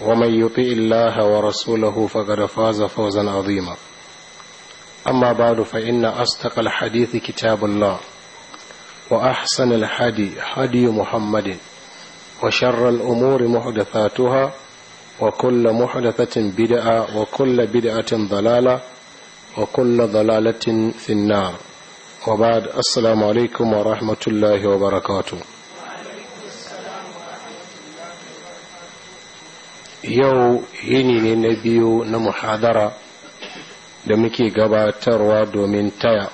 ومن يطع الله ورسوله فقد فاز فوزا عظيما أما بعد فإن أصدق الحديث كتاب الله وأحسن الحدي هدي محمد وشر الأمور محدثاتها وكل محدثة بدعة وكل بدعة ضلالة وكل ضلالة في النار وبعد السلام عليكم ورحمة الله وبركاته yau yini ne na biyu na muhadara da muke gabatarwa domin taya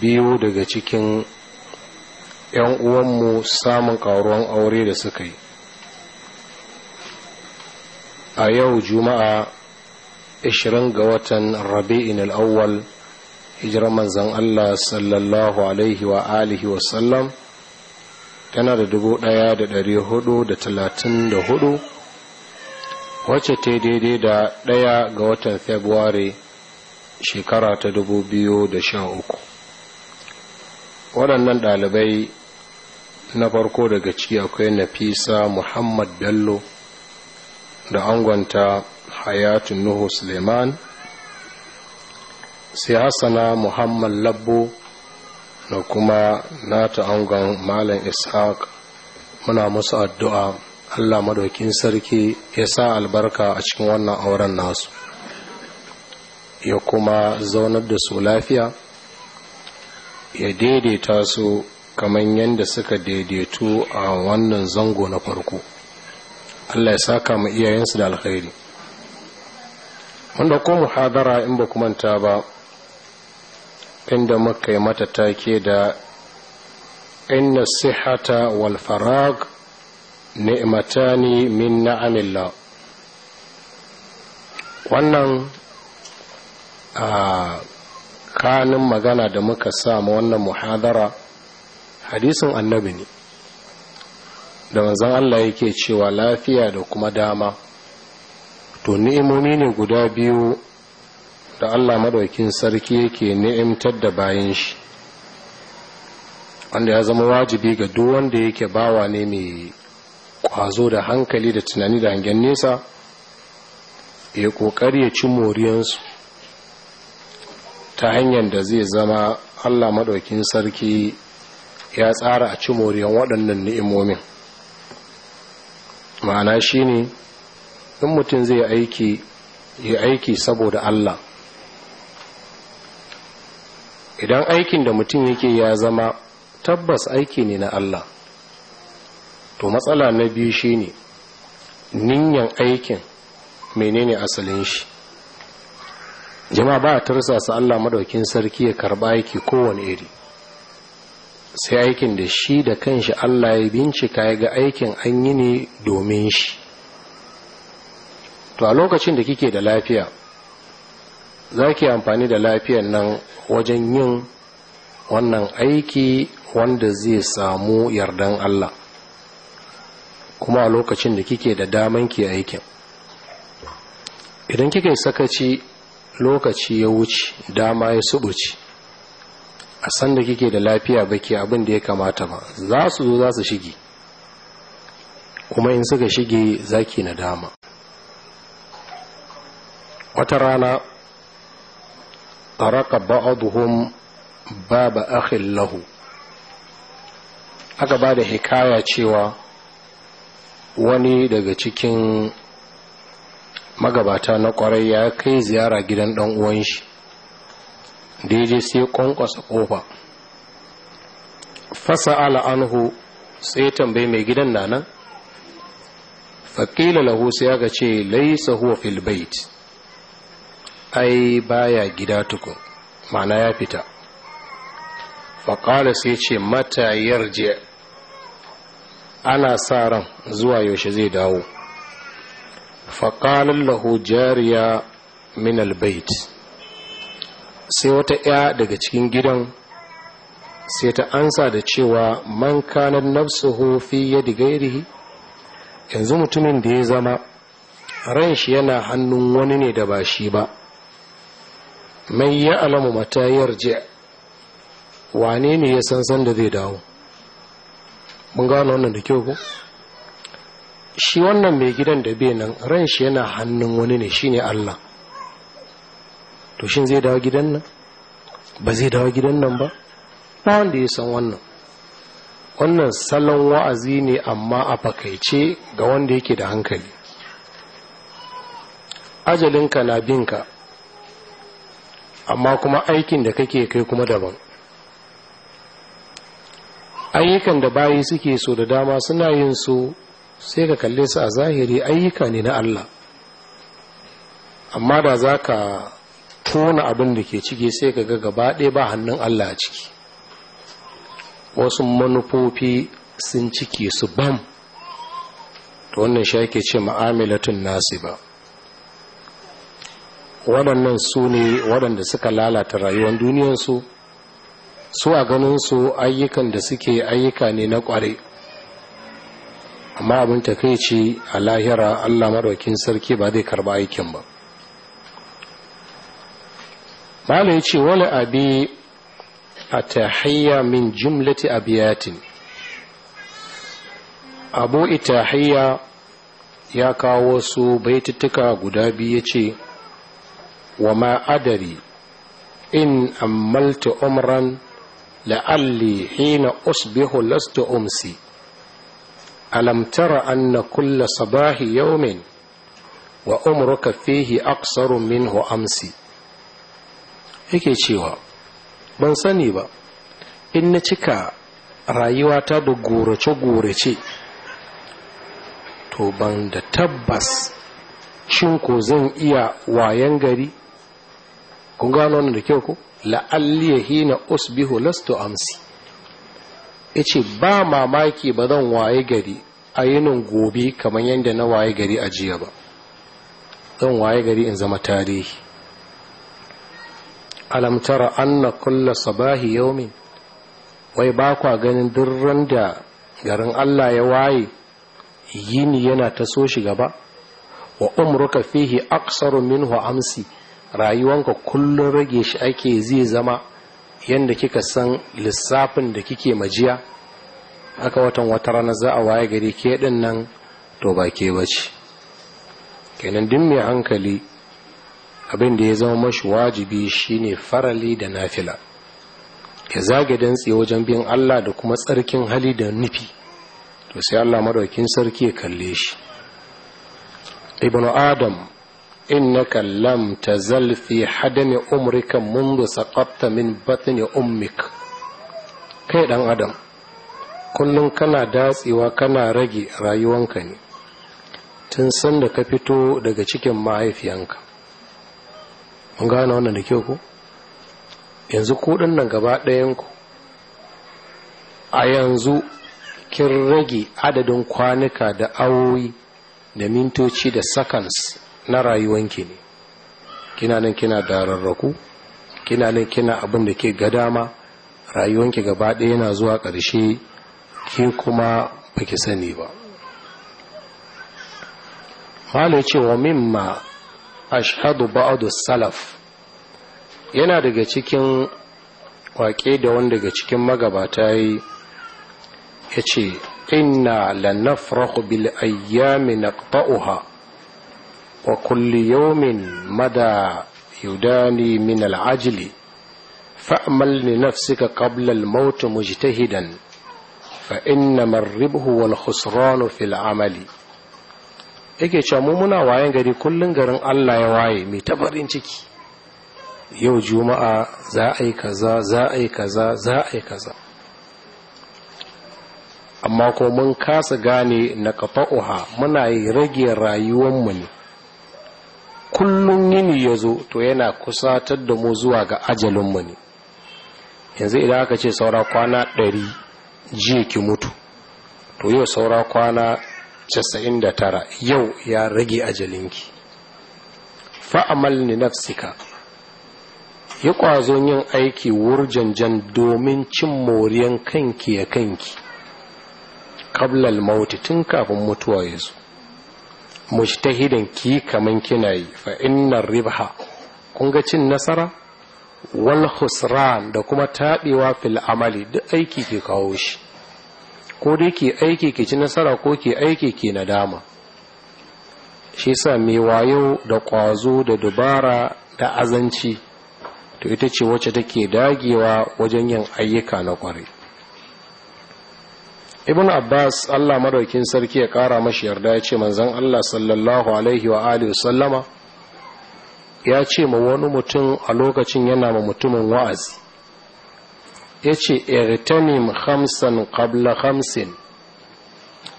biyu daga cikin 'yan uwanmu samun ƙaruwan aure da suka yi a yau juma'a 20 ga watan rabi'in al'awwal hijirar manzan Allah sallallahu alaihi wa alihi sallam tana da da talatin hudu. wacce ta daidai da ɗaya ga watan february shekara ta dubu biyu da sha uku waɗannan ɗalibai na farko daga ciki akwai nafisa muhammad bello da angonta hayatu nuhu suleiman sai hassana muhammad labbo da kuma nata angon malam ishaq muna musu addu'a Allah madaukin sarki ya sa albarka a cikin wannan auren nasu ya kuma zaunar da su lafiya ya daidaita su kamar yadda suka daidaitu a wannan zango na farko Allah ya saka mu iyayensu da alkhairi wanda ko hadara in ba manta ba inda muka yi mata take da inna sihata wal farag ni'matani min na'amillah wannan a kanin magana da muka sa ma wannan muhadara hadisin annabi ne da manzon Allah yake cewa lafiya da kuma dama to ni'imomi ne guda biyu da Allah madaukin sarki yake ni'imtar da bayan shi wanda ya zama wajibi ga duk wanda yake bawa ne mai kwazo da hankali da tunani da hangen nesa ya kokari ya ci moriyansu ta hanyar da zai zama allah maɗaukin sarki ya tsara a ci moriyan waɗannan ni'imomin ma'ana shi ne in mutum zai aiki ya aiki saboda allah idan aikin da mutum yake ya zama tabbas aiki ne na allah to matsala na biyu shine ninyan aikin menene asalin shi jama'a ba tarsa su Allah madaukin sarki ya karba aiki kowane iri sai aikin da shi da kanshi Allah ya bincika ya ga aikin an yi ne domin shi to a lokacin da kike da lafiya za ki amfani da lafiyan nan wajen yin wannan aiki wanda zai samu yardan Allah kuma a lokacin da kike da daman ke aikin idan kike sakaci lokaci ya wuce dama ya subuci a san da kike da lafiya baki abin da ya kamata ba za su zo za su shige kuma in suka shige zaki na dama wata rana taraka ba'aduhum baba akhin lahu aka ba da hikaya cewa wani daga cikin magabata na kwarai ya kai ziyara gidan dan uwan shi da ya sai kwankwasa kofa fasa al'anhu sai ya tambayi mai gidan na nan faƙila lahu sai aka ce laisa huwa fil bait ai baya gida tukun ma'ana ya fita faƙala sai ce mata yarje ana sa ran zuwa yaushe zai dawo faƙalin lahu jariya min albait sai wata 'ya daga cikin gidan sai ta ansa da cewa man kanar nafsuhu fi yadi gairihi yanzu mutumin da ya zama ran shi yana hannun wani ne da ba shi ba mai ya alamu matayar yarje wane ne ya san san da zai dawo mun gano wannan da kyau ko shi wannan mai gidan da bai nan ran shi yana hannun wani ne shine Allah to shin zai dawo gidan nan ba zai dawo gidan nan ba ba wanda ya san wannan wannan salon wa'azi ne amma a fakaice ga wanda yake da hankali ajalinka na binka amma kuma aikin da kake kai kuma daban ayyukan da bayi suke so da dama suna yin su sai ka kalle su a zahiri ayyuka ne na Allah amma da za ka tona abin da ke cike sai ka ga gaba ɗaya ba hannun Allah a ciki wasu manufofi sun cike su bam da wannan shi ake ce ma'amilatun nasiba waɗannan su ne waɗanda suka lalata rayuwar su. su a ganin su ayyukan da suke ayyuka ne na kware amma abin takaici a lahira allah maɗaukin sarki ba zai karba aikin ba malam ya ce wani abi a tahiyya min jimlati abiyatin abu itahiyya ya kawo su baituttuka guda biyu ya ce wa ma'adari in ammalta umran la'alli hina usbihu lastu umsi alam tara anna kulla sabahi yawmin wa umruka fihi aksaru minhu amsi yake cewa ban sani ba in na cika rayuwata da gurace-gurace to ban da tabbas shin ko zan iya wayan gari kun gano da kyau ko la'alliya hina usbihu lastu amsi ya ce ba mamaki ba zan waye gari a yinin gobe kamar yadda na waye gari a jiya ba zan waye gari in zama tarihi alamtara anna kulla sabahi yaumin wai ba kwa ganin durran da garin allah ya waye yini yana ta so shi gaba wa umruka fihi aksaru minhu amsi rayuwanka kullum rage shi ake zai zama yadda kika san lissafin da kike majiya aka watan wata rana za a waye gari ke din nan to ba ke bace kenan din mai hankali abin da ya zama mashi wajibi shine farali da nafila ya zage dantse wajen bin Allah da kuma tsarkin hali da nufi to sai Allah madaukin sarki ya kalle shi ibnu adam innaka lam tazal fi hadami umrika منذ سقطت min batni ummik kai ɗan adam kullum kana datsewa kana rage rayuwanka ne tun san ka fito daga cikin mahaifiyanka mun gane wannan da kyau ko yanzu kuɗin nan gaba ɗayanku a yanzu kin rage adadin kwanuka da awowi da mintoci da sakans. na rayuwanki ne kina nan kina dararraku kina nan kina abin da ke gadama rayuwanki gaba ɗaya yana zuwa ƙarshe ki kuma baki sani ba malai ce wa mimma ashhadu ba'adu salaf yana daga cikin waƙe da wanda daga cikin magabata yi ya ce inna lannafrahu bil ayyami naqta'uha وكل يوم مدى يداني من العجل فأمل لنفسك قبل الموت مجتهدا فإنما الربح والخسران في العمل yake cewa mu muna wayan gari kullun garin Allah ya waye mai ta ciki yau juma'a za a yi kaza za a yi kaza za a yi kaza amma ko mun kasa gane na kafa'uha muna yi rage rayuwanmu ne kullum yini ya zo to yana kusatar da mu zuwa ga ajalinmu ne yanzu idan aka ce saura kwana ɗari jiya ki mutu to yau saura kwana casa'in da tara yau ya rage ajalinki fa'amal ni nafsika yi ƙwazon yin aiki wurjanjan domin cin moriyan kanki ya kanki kablal mauti tun kafin mutuwa ya zo mujtahidan ki kaman kina yi fa innar ribha kun ga cin nasara wal khusran da kuma taɓewa fil amali duk aiki ke kawo shi ko dai ke aiki ke ci nasara ko ke aiki ke nadama shi sa mai wayo da ƙwazo da dubara da azanci to ita ce wacce take dagewa wajen yin ayyuka na ƙwarai ibn abbas allah madaukin sarki ya kara mashi yarda ya ce manzan allah sallallahu alaihi wa alihi sallama ya ce ma wani mutum a lokacin yana ma mutumin wa'azi ya ce irtanim hamsan qabla hamsin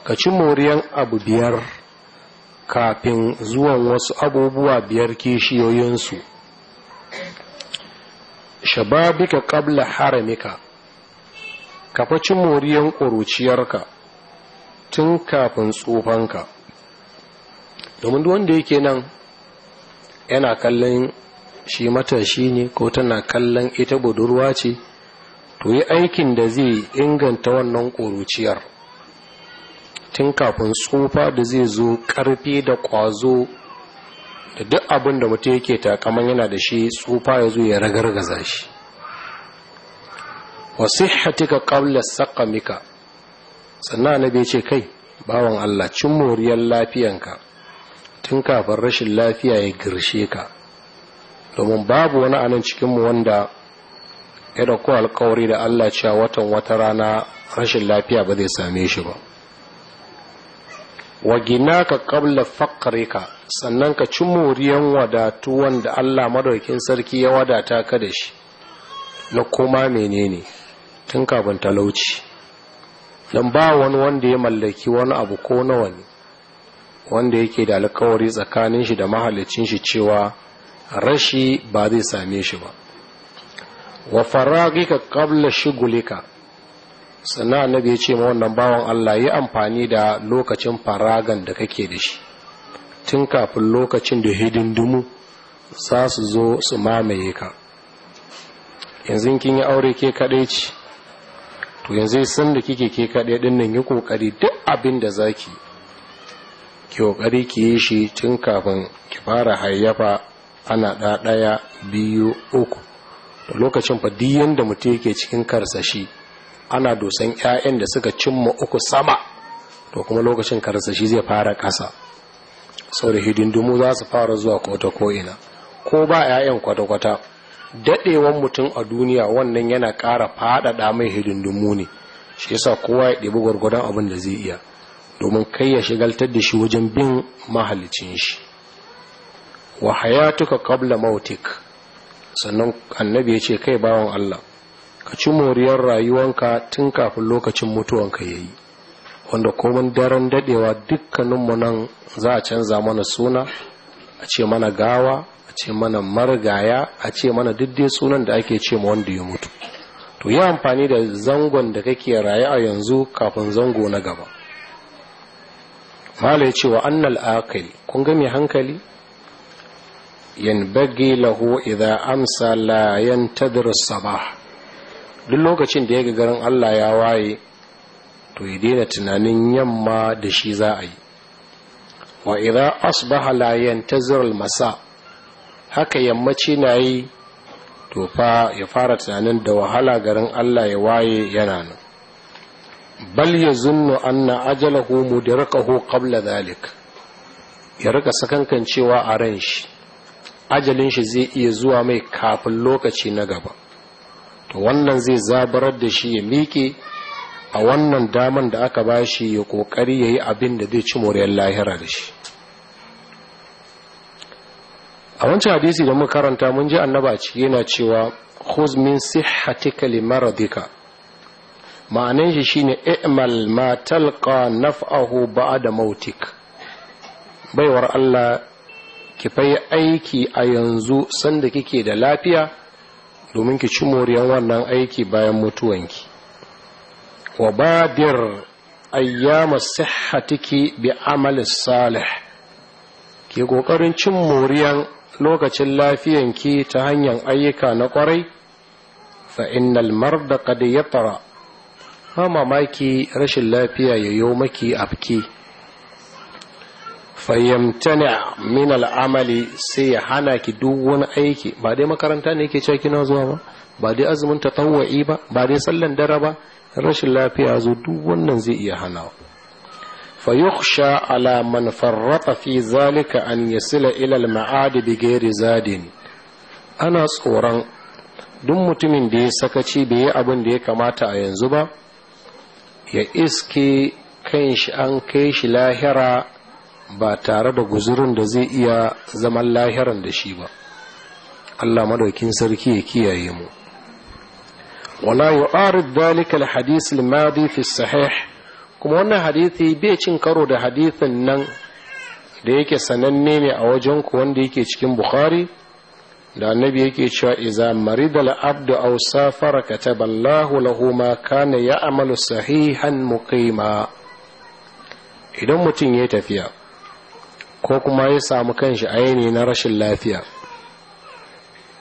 ka ci moriyan abu biyar kafin zuwan wasu abubuwa biyar kishiyoyinsu shababika qabla haramika ka faci moriyan ƙuruciyarka tun kafin tsufanka domin wanda yake nan yana kallon shi matashi ne ko tana kallon ita budurwa ce to yi aikin da zai inganta wannan ƙuruciyar tun kafin tsufa da zai zo ƙarfi da ƙwazo da duk abin da mutu yake takaman yana da shi tsufa ya zo ya ragargaza shi wa sihhatika qabla mika sannan na annabi ce kai bawan Allah cin moriyar lafiyanka tun kafin rashin lafiya ya girshe ka domin babu wani anan cikinmu wanda ya dauko alkawari da Allah cewa watan wata rana rashin lafiya ba zai same shi ba wa gina ka kabla ka sannan ka cin moriyar wadatuwan da Allah madaukin sarki ya wadata ka da shi na kuma menene tun kafin talauci don ba wani wanda ya mallaki wani abu ko nawa ne wanda yake da alkawari tsakanin shi da mahallicin shi cewa rashi ba zai same shi ba wa kabla shi shugulika sannan na ya ce ma wannan bawan Allah yi amfani da lokacin faragan da kake da shi tun kafin lokacin da hidindumu za su zo su mamaye ka yanzu kin yi aure ke kaɗai ce to yanzu san da kike ke kaɗai ɗin nan yi ƙoƙari duk abin da za ki ki ƙoƙari ki yi shi tun kafin ki fara hayyafa ana ɗaɗaya biyu uku da lokacin fa duk yanda mutum yake cikin karsashi ana dosan 'ya'yan da suka cimma uku sama to kuma lokacin karsashi zai fara ƙasa sau da hidindimu za su fara zuwa kota ko'ina ko ba 'ya'yan kwata-kwata dadewan mutum a duniya wannan yana ƙara faɗaɗa mai hidindimu ne shi yasa kowa ya ɗebi gwargwadon abin da zai iya domin kai ya shigaltar da shi wajen bin mahalicin shi wa hayatuka qabla mautik sannan annabi ya ce kai bawan Allah ka ci moriyar rayuwanka tun kafin lokacin mutuwanka yayi wanda komin daren dadewa dukkaninmu nan za a canza mana suna a ce mana gawa ce mana margaya a ce mana diddai sunan da ake ce ma wanda ya mutu to yi amfani da zangon da kake raye a yanzu kafin zango na gaba mala ya ce wa annal akali kun ga mai hankali bagi lahu idza amsa la yantadhir sabah duk lokacin da ya ga garin Allah ya waye to ya daina tunanin yamma da shi za a yi wa idza asbaha la yantazir al masa haka yammaci na yi to ya fara tunanin da wahala garin Allah ya waye yana nan bal ya zunnu anna ajalahu mudrakahu qabla dhalik ya rika sakankan cewa a ran shi ajalin shi zai iya zuwa mai kafin lokaci na gaba to wannan zai zabarar da shi ya miƙe a wannan daman da aka ba shi ya kokari yayi abin da zai ci moriyar lahira da shi a wancan hadisi da muka karanta mun ji annaba ciki yana cewa khuz min sihhatika li maradika ma'anan shi shine i'mal ma talqa naf'ahu ba'da mautik baiwar Allah ki fayi aiki a yanzu sanda kike da lafiya domin ki ci moriyan wannan aiki bayan mutuwanki wa badir ayyama sihhatiki bi amali salih ki kokarin cin moriyan lokacin lafiyanki ta hanyar ayyuka na kwarai fa innal marda qad tara. ba mamaki rashin lafiya ya yo maki afki a min amali sai ya hana ki duk aiki ba dai makaranta ne yake cewa kina zuwa ba ba dai azumin tatawwa'i ba ba dai sallan dare ba rashin lafiya zo duk wannan zai iya hanawa فيخشى على من فرط في ذلك أن يصل إلى المعاد بغير زاد أنا صورا duk mutumin da ya sakaci bai yi abin da ya kamata a yanzu ba ya iske kan shi an kai shi lahira ba tare da guzurin da zai iya zaman lahiran da shi ba Allah madaukin sarki ya kiyaye mu wala yuari dhalika al-hadith al-madi fi sahih kuma wannan hadithi bai cin karo da hadithin nan da yake sananne ne a wajen ku wanda yake cikin bukhari da annabi yake cewa iza maridal abdu aw safara Allahu lahu ma kana ya'malu sahihan muqima idan mutum ya tafiya ko kuma ya samu kanshi aini na rashin lafiya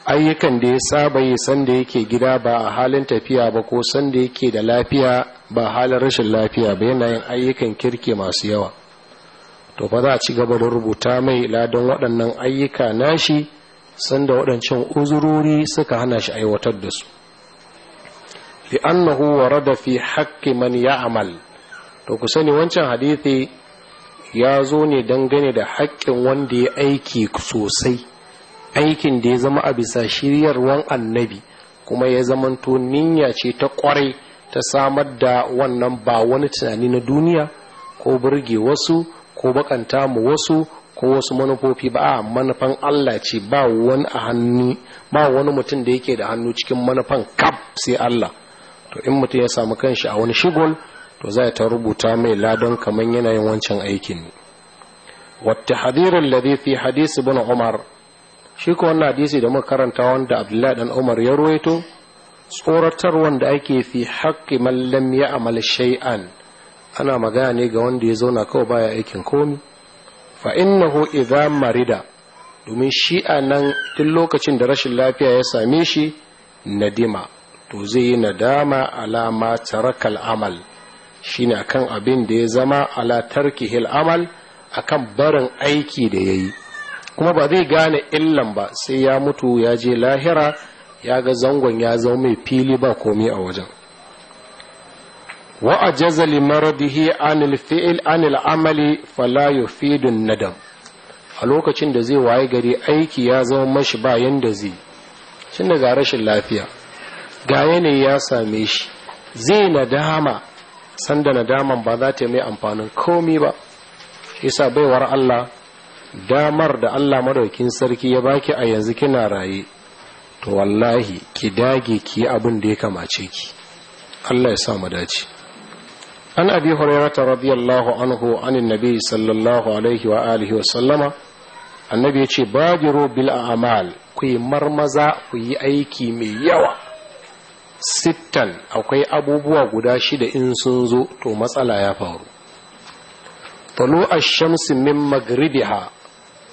ayyukan da ya saba yi sanda yake gida ba a halin tafiya ba ko sanda yake da lafiya ba halin rashin lafiya ba yana yin ayyukan kirki masu yawa to fa za a ci gaba da rubuta mai ladan waɗannan ayyuka nashi sanda waɗancan uzurori suka hana shi aiwatar da su li'annahu warada fi haqqi man ya'mal to ku sani wancan hadisi ya zo ne dangane da haƙƙin wanda ya aiki sosai aikin da ya zama a bisa shiryarwan annabi kuma ya zamanto niyya ce ta kwarai ta samar da wannan ba wani tunani na duniya ko burge wasu ko bakanta mu wasu ko wasu manufofi ba a manufan Allah ce ba wani a hannu ba wani mutum da yake da hannu cikin manufan kab sai Allah to in mutum ya samu kanshi a wani shigol to zai ta rubuta mai ladon kamar yanayin wancan aikin ne wata hadirin ladhi fi hadisi ibn umar shi ko wannan hadisi da muka karanta wanda abdullahi dan umar ya ruwaito tsoratar wanda ake fi haƙƙi mallam ya amala shai'an ana magana ne ga wanda ya zauna kawai baya aikin komi fa innahu idza marida domin shi a nan tun lokacin da rashin lafiya ya same shi nadima to zai yi nadama alama tarakal amal shine akan abin da ya zama ala tarkihil amal akan barin aiki da yayi kuma ba zai gane illan ba sai ya mutu ya je lahira ya ga zangon ya zama mai fili ba komi a wajen wa a jazali maradihi anil fi'il anil amali fala yufidun nadam a lokacin da zai waye gari aiki ya zama mashi bayan da zai Shin da ga rashin lafiya ga yanayi ya same shi zai nadama sanda nadaman ba za ta mai amfanin komi ba yasa baiwar Allah damar da Allah madaukin sarki ya baki a yanzu kina raye to wallahi ki dage ki abin da ya kamace ki Allah ya sa mu dace an abi hurairata radiyallahu anhu anin nabi sallallahu alaihi wa alihi wa sallama annabi yace bajiru bil a'mal ku yi marmaza ku yi aiki mai yawa sittan akwai abubuwa guda shida in sun zo to matsala ya faru طلوع shamsi min magribiha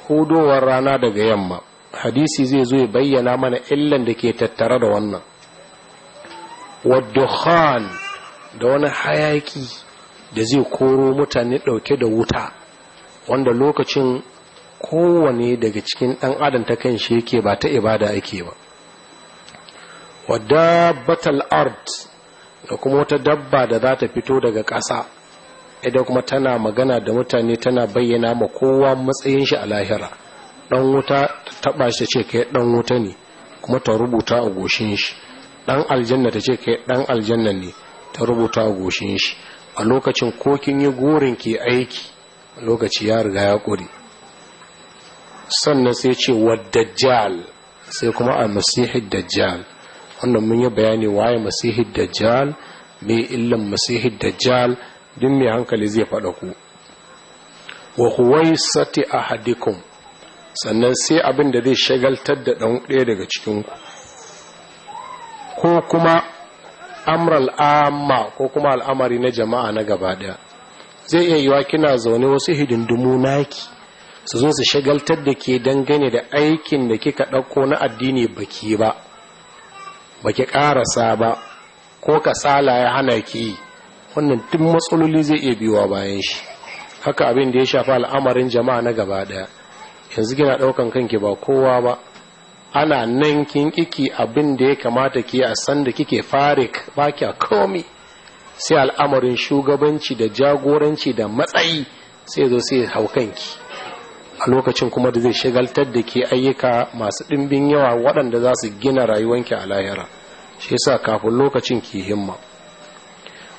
hudowar rana daga yamma hadisi zai zo ya bayyana mana illan da ke tattare da wannan wadduhan da wani hayaki da zai koro mutane ɗauke da wuta wanda lokacin kowane daga cikin ɗan adam ta kan shi yake ba ta ibada ake ba wadda batal art da kuma wata dabba da za ta fito daga ƙasa ita kuma tana magana da mutane tana bayyana ma kowa matsayin shi a lahira dan wuta ta taba shi ce kai dan wuta ne kuma ta rubuta a goshin shi dan aljanna ta ce kai dan aljanna ne ta rubuta a goshin shi a lokacin ko kin yi gorin ke aiki lokaci ya riga ya kure sannan sai ce wa dajjal sai kuma a masihi dajjal wannan mun yi bayani waye masihi dajjal me illan masihid dajjal duk mai hankali zai faɗa ku wa a ahadikum sannan sai abin da zai shagaltar da ɗan ɗaya daga cikinku ko kuma amral amma ko kuma al'amari na jama'a na gaba ɗaya zai iya yiwa kina zaune wasu hidindimu naki su zo su shagaltar da ke dangane da aikin da kika ɗauko na addini baki ba baki ƙarasa ba ko kasala ya hana ki yi. wannan tun matsaloli zai iya biyuwa bayan shi haka abin da ya shafi al'amarin jama'a na gaba daya yanzu kina daukan kanki ba kowa ba ana nan kin kiki abin da ya kamata ki a sanda kike farik ba kya komi sai al'amarin shugabanci da jagoranci da matsayi sai zo sai hau kanki a lokacin kuma da zai shagaltar da ke ayyuka masu ɗimbin yawa waɗanda za su gina rayuwanki a lahira shi yasa kafin lokacin ki himma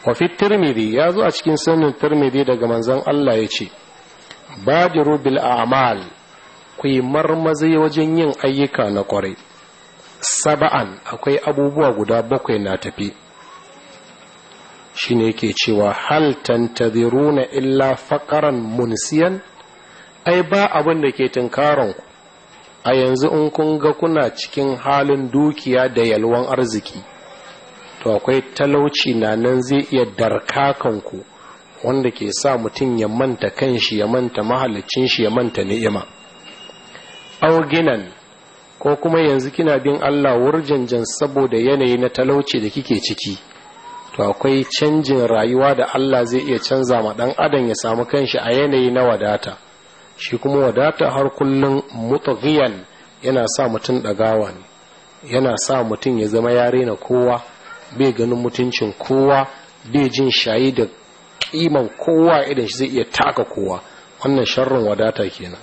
wa fi tirmidhi ya zo a cikin sunan tirmidhi daga manzon Allah ya ce badiru bil a'mal ku yi marmazi wajen yin ayyuka na kwarai saba'an akwai abubuwa guda bakwai na tafi shine yake cewa hal tantaziruna illa faqaran munsiyan ai ba abin da ke tunkaron a yanzu in kun ga kuna cikin halin dukiya da yalwan arziki to akwai talauci na nan zai iya darkakanku wanda ke sa mutum ya manta kanshi ya manta mahalicin shi ya manta ni'ima auginan ko kuma yanzu kina bin Allah wurjanjan saboda yanayi na talauci da kike ciki to akwai canjin rayuwa da Allah zai iya canza ma dan adam ya samu kanshi a yanayi na wadata shi kuma wadata har kullun mutaghiyan yana sa mutum dagawa ne yana sa mutum ya zama yare na kowa bai ganin mutuncin kowa bai jin shayi da kiman kowa idan shi zai iya taka kowa wannan sharrin wadata kenan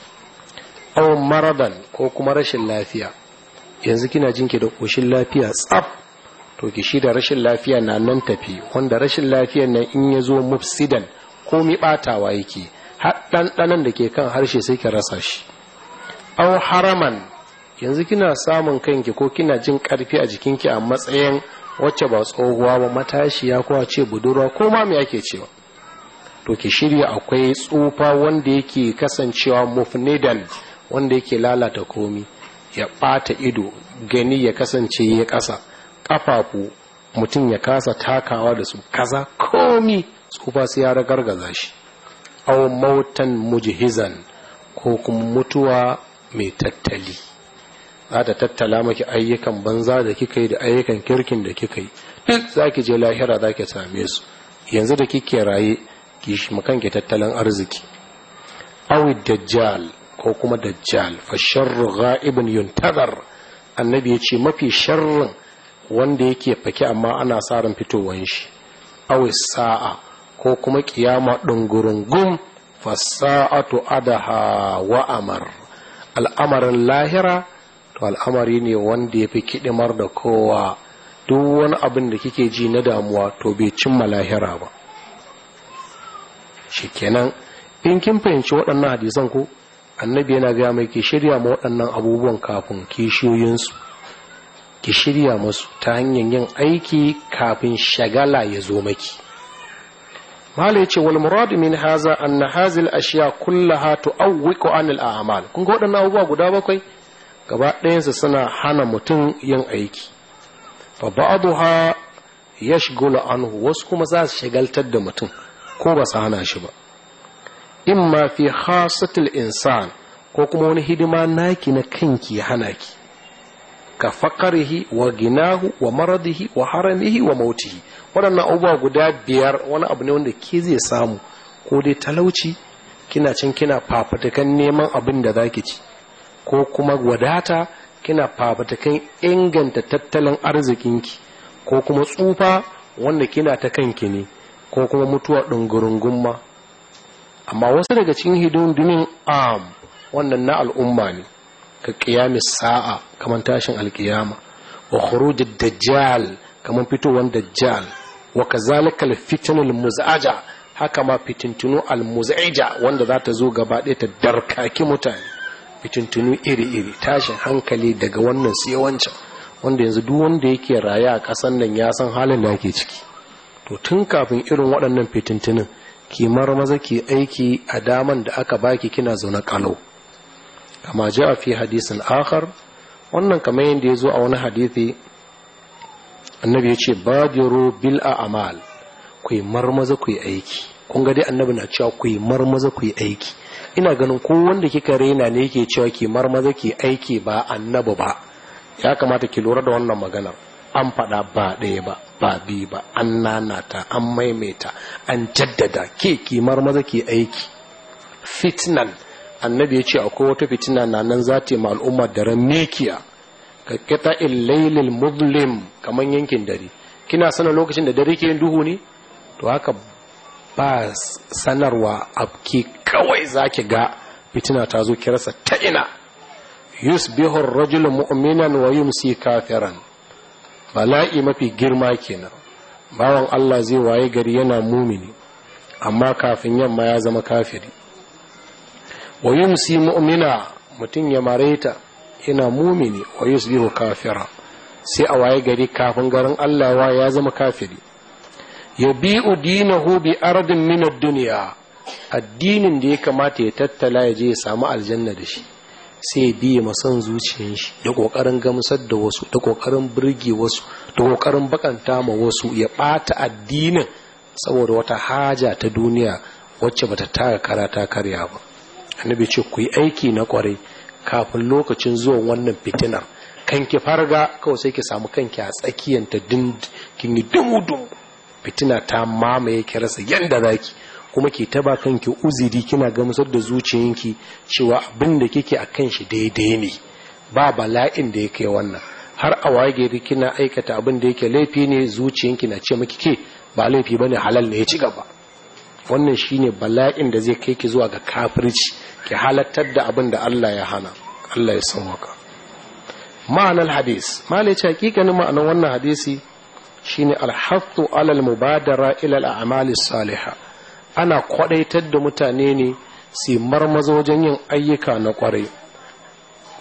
aw maradan ko kuma rashin lafiya yanzu kina jinki da koshin lafiya tsaf to ki shi da rashin lafiya na nan tafi wanda rashin lafiya nan in ya zo mufsidan ko mi batawa yake har ɗanɗanan da ke kan harshe sai ki rasa shi aw haraman yanzu kina samun kanki ko kina jin ƙarfi a jikinki a matsayin wacce ba tsohuwa ba matashiya ko a ce budurwa ko ma me yake cewa to ki shirya akwai tsufa wanda yake kasancewa mufnidan wanda yake lalata komi ya bata ido gani ya kasance ya kasa kafafu mutum ya kasa takawa da su kaza komi tsufa sai ya ragargaza shi au mautan mujhizan ko kuma mutuwa mai tattali za tattala maki ayyukan banza da kika yi da ayyukan kirkin da kika yi duk za ki je lahira za ki same su yanzu da kike raye ki shi tattalin arziki awi dajjal ko kuma dajjal fa sharru ghaibun yuntazar annabi ya ce mafi sharrin wanda yake fake amma ana sa ran fitowan shi awi sa'a ko kuma kiyama dungurungum sa'atu adaha wa amar al'amarin lahira to al'amari ne wanda ya fi kidimar da kowa duk wani abin da kike ji na damuwa to bai cimma lahira ba shikenan in kin fahimci waɗannan hadisan ko annabi yana gaya mai ki shirya ma waɗannan abubuwan kafin kishiyoyinsu ki shirya masu ta hanyar yin aiki kafin shagala ya zo maki mala yace wal murad min haza anna hazil ashiya kullaha tu'awwiqu anil a'mal kun ga waɗannan abubuwa guda bakwai gaba ɗayansu suna hana mutum yin aiki fa ya yashghulu anhu wasu kuma za su shagaltar da mutum ko ba su hana shi ba In ma fi hasatul insan ko kuma wani hidima naki na kanki hana ki ka faƙarihi wa ginahu wa maradihi wa haramihi wa mautihi waɗannan abubuwa guda biyar wani abu ne wanda ke zai samu ko dai talauci kina can kina fafatakan neman abin da za ki ci ko kuma wadata kina fafatakan inganta tattalin arzikinki ko kuma tsufa wanda kina ta kanki ne ko kuma mutuwa ɗungurungun ma amma wasu daga cikin hidindimin am wannan na al'umma ne ka ƙiyami sa'a kamar tashin alƙiyama wa da dajjal kamar fitowar dajjal wa kazalikal fitinul muz'aja haka ma fitintinu al muza'ija wanda za ta zo gaba ɗaya ta darkaki mutane fitintunu iri-iri tashin hankali daga wannan sai wancan wanda yanzu duk wanda yake raye a ƙasan nan ya san halin da ake ciki to tun kafin irin waɗannan fitintunun ki maza ke aiki a daman da aka baki kina zaune kalau kama ji a fi hadisin akhar wannan kamar yadda ya zo a wani hadithi annabi ya ce badiro bil a amal ku marmaza ku yi aiki kun ga dai annabi na cewa ku yi marmaza ku yi aiki ina ganin ko wanda kika rena ne yake cewa ki marmaza ki aiki ba annabi ba ya kamata ki lura da wannan maganar an faɗa ba ɗaya ba ba bi ba an nanata an maimaita an jaddada ke ki marmaza ki aiki fitnan annabi ya ce akwai wata fitina na nan za ta yi al'ummar daren mikiya ka kita illailil muzlim kamar yankin dare kina sana lokacin da dare ke yin duhu ne to haka ba sanarwa abki kawai zaki ga fitina ta zo kirasa ta ina yus ar-rajulu mu'minan wa yumsi kafiran bala'i mafi girma kenan bawan Allah zai waye gari yana mumini amma kafin yamma ya zama kafiri wa yumsi mu'mina mutum ya mareta ina mumini wa yusbihu kafira sai a waye gari kafin garin Allah ya zama kafiri bi dinahu bi ardin min ad-dunya addinin da ya kamata ya tattala ya je ya samu aljanna da shi sai biye masan zuciyar shi da kokarin gamsar da wasu da kokarin birge wasu da kokarin bakanta ma wasu ya ɓata addinin saboda wata haja ta duniya wacce bata taka karata karya ba annabi ce ku yi aiki na ƙwarai kafin lokacin zuwan wannan fitinar kan ki farga kawai sai ki samu kanki a tsakiyanta din kin yi dumu fitina ta mamaye ki rasa yanda zaki kuma ke taba kanki uziri kina gamsar da zuciyanki cewa abin da kike a kan shi daidai ne ba bala'in da ya kai wannan har a wageri kina aikata abin da yake laifi ne zuciyanki na ce makike ke ba laifi ba ne halal ne ya ci gaba wannan shine bala'in da zai kai ki zuwa ga kafirci ki halattar da abin da Allah ya hana Allah ya san waka ma'anar hadis ma ne ce hakikanin ma'anar wannan hadisi shine alhathu alal mubadara ilal a'mali saliha ana kwadaitar da mutane ne su marmazo wajen yin ayyuka na kwarai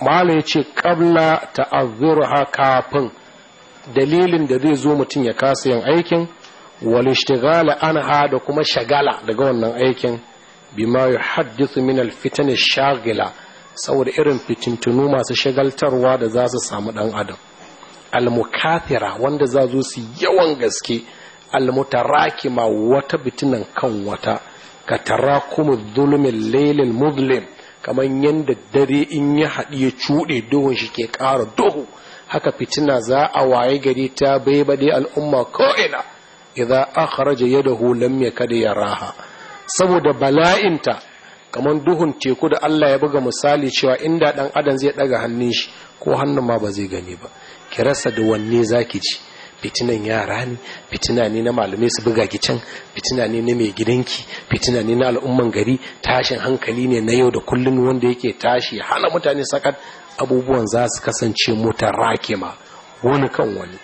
mala ya ce kabla ta'azzurha kafin dalilin da zai zo mutum ya kasa yin aikin wal ishtighala anha da kuma shagala daga wannan aikin bima yuhaddithu min al fitan saboda irin fitintunu masu shagaltarwa da za su samu dan adam almukathira wanda za zo su yawan gaske almutarakima wata bitinan kan wata ka tara kuma zulumin lailin muslim kamar yadda dare in ya haɗi ya cuɗe duhun shi ke ƙara duhu haka fitina za a waye gari ta bai baibade al'umma ko'ina idan akharaja yadahu kada ya raha saboda bala'inta kamar duhun teku da Allah ya buga misali cewa inda dan adam zai daga hannun shi ko hannun ma ba zai gani ba ki rasa da wanne zaki ci fitinan yara ne fitina ne na malamai su buga ki can fitina ne na mai gidanki fitina ne na al'umman gari tashin hankali ne na yau da kullum wanda yake tashi hana mutane sakat abubuwan za su kasance mutarakima wani kan wani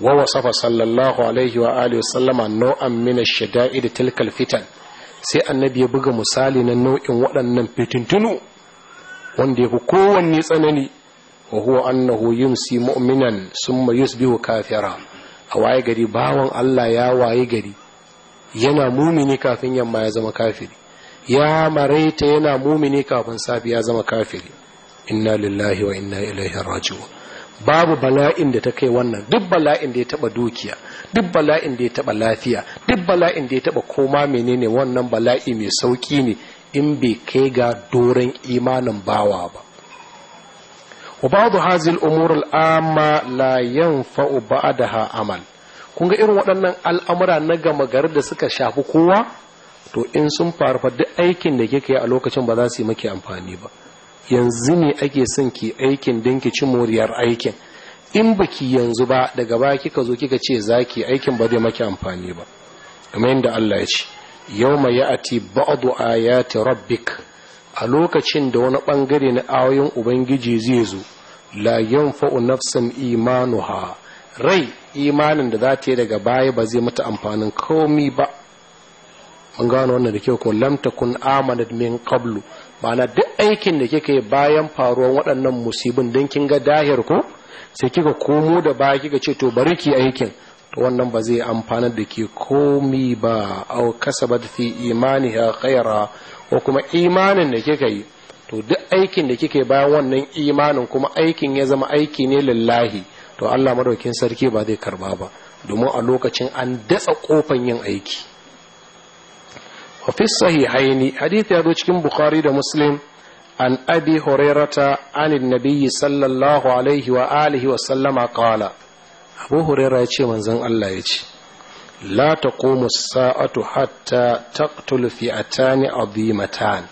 wa wasafa sallallahu alaihi wa alihi wasallama nau'an mina ash-shada'id tilkal fitan sai annabi ya buga misali na nau'in waɗannan fitintunu wanda ya fi kowanne tsanani wa huwa annahu yumsi mu'minan summa bihu kafira a waye gari bawan Allah ya waye gari yana mumini kafin yamma ya zama kafiri ya maraita yana mumini kafin safi ya zama kafiri inna lillahi wa inna ilaihi raji'un babu bala'in da ta kai wannan duk bala'in da ya taba dukiya duk bala'in da ya taba lafiya duk bala'in da ya taba koma menene wannan bala'i mai sauƙi ne in bai kai ga doron imanin bawa ba Ubadu ba'du hazil umur al'amma la yanfa'u ba'daha amal kun ga irin waɗannan al'amura na gama gari da suka shafi kowa to in sun faru fa duk aikin da kike yi a lokacin ba za su yi maki amfani ba yanzu ne ake son ki aikin don ki ci moriyar aikin in baki yanzu ba daga baya kika zo kika ce zaki aikin ba zai maki amfani ba kamar yadda Allah ya ce yawma ya'ati ba'du ayati rabbik a lokacin da wani bangare na ayoyin ubangiji zai zo la yanfa'u nafsan imanuha rai imanin da za ta yi daga baya ba zai mata amfanin komi ba mun gano wannan da kyau kuma lam takun amanat min qablu ma'ana duk aikin da kika yi bayan faruwar waɗannan musibin don kin ga dahir ko sai kika komo da baya kika ce to bari ki aikin to wannan ba zai amfanar da ke komi ba au kasabat fi imaniha khaira ko kuma imanin da kika yi to duk aikin da kike bayan wannan imanin kuma aikin ya zama aiki ne lillahi to Allah madaukin sarki ba zai karba ba domin a lokacin an datsa kofan yin aiki wa fi sahihaini hadith ya zo cikin bukhari da muslim an abi hurairata an nabiyyi sallallahu alaihi wa alihi wa sallama qala abu hurairah ya ce manzon Allah ya ce Lata taqumu sa'atu hatta taqtul fi'atan azimatan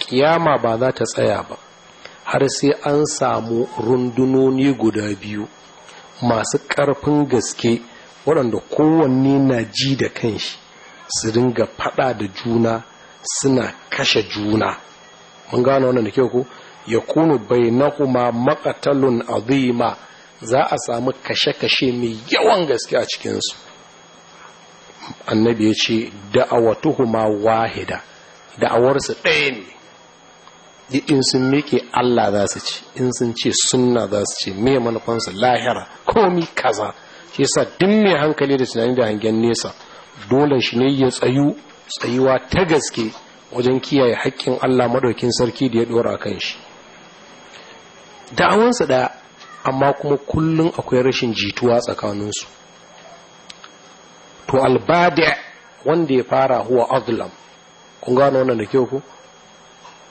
kiyama ba za ta tsaya ba har sai an samu rundunoni guda biyu masu ƙarfin gaske waɗanda kowanne na ji da kanshi su dinga faɗa da juna suna kashe juna mun gano wannan da kyau ko ya kunu bai na kuma makatalun azima za a samu kashe-kashe mai yawan gaske a cikinsu annabi ya ce da'awatuhuma wahida da'awarsu ɗaya ne in sun miƙe Allah za su ci in sun ce sunna za su ce me manufansu lahira komi kaza shi sa duk mai hankali da tunani da hangen nesa dole shi ne ya tsayu tsayuwa ta gaske wajen kiyaye haƙƙin Allah madaukin sarki da ya dora kan shi da'awansa ɗaya amma kuma kullum akwai rashin jituwa tsakaninsu to albadi wanda ya fara huwa azlam kun gano wannan da kyau ku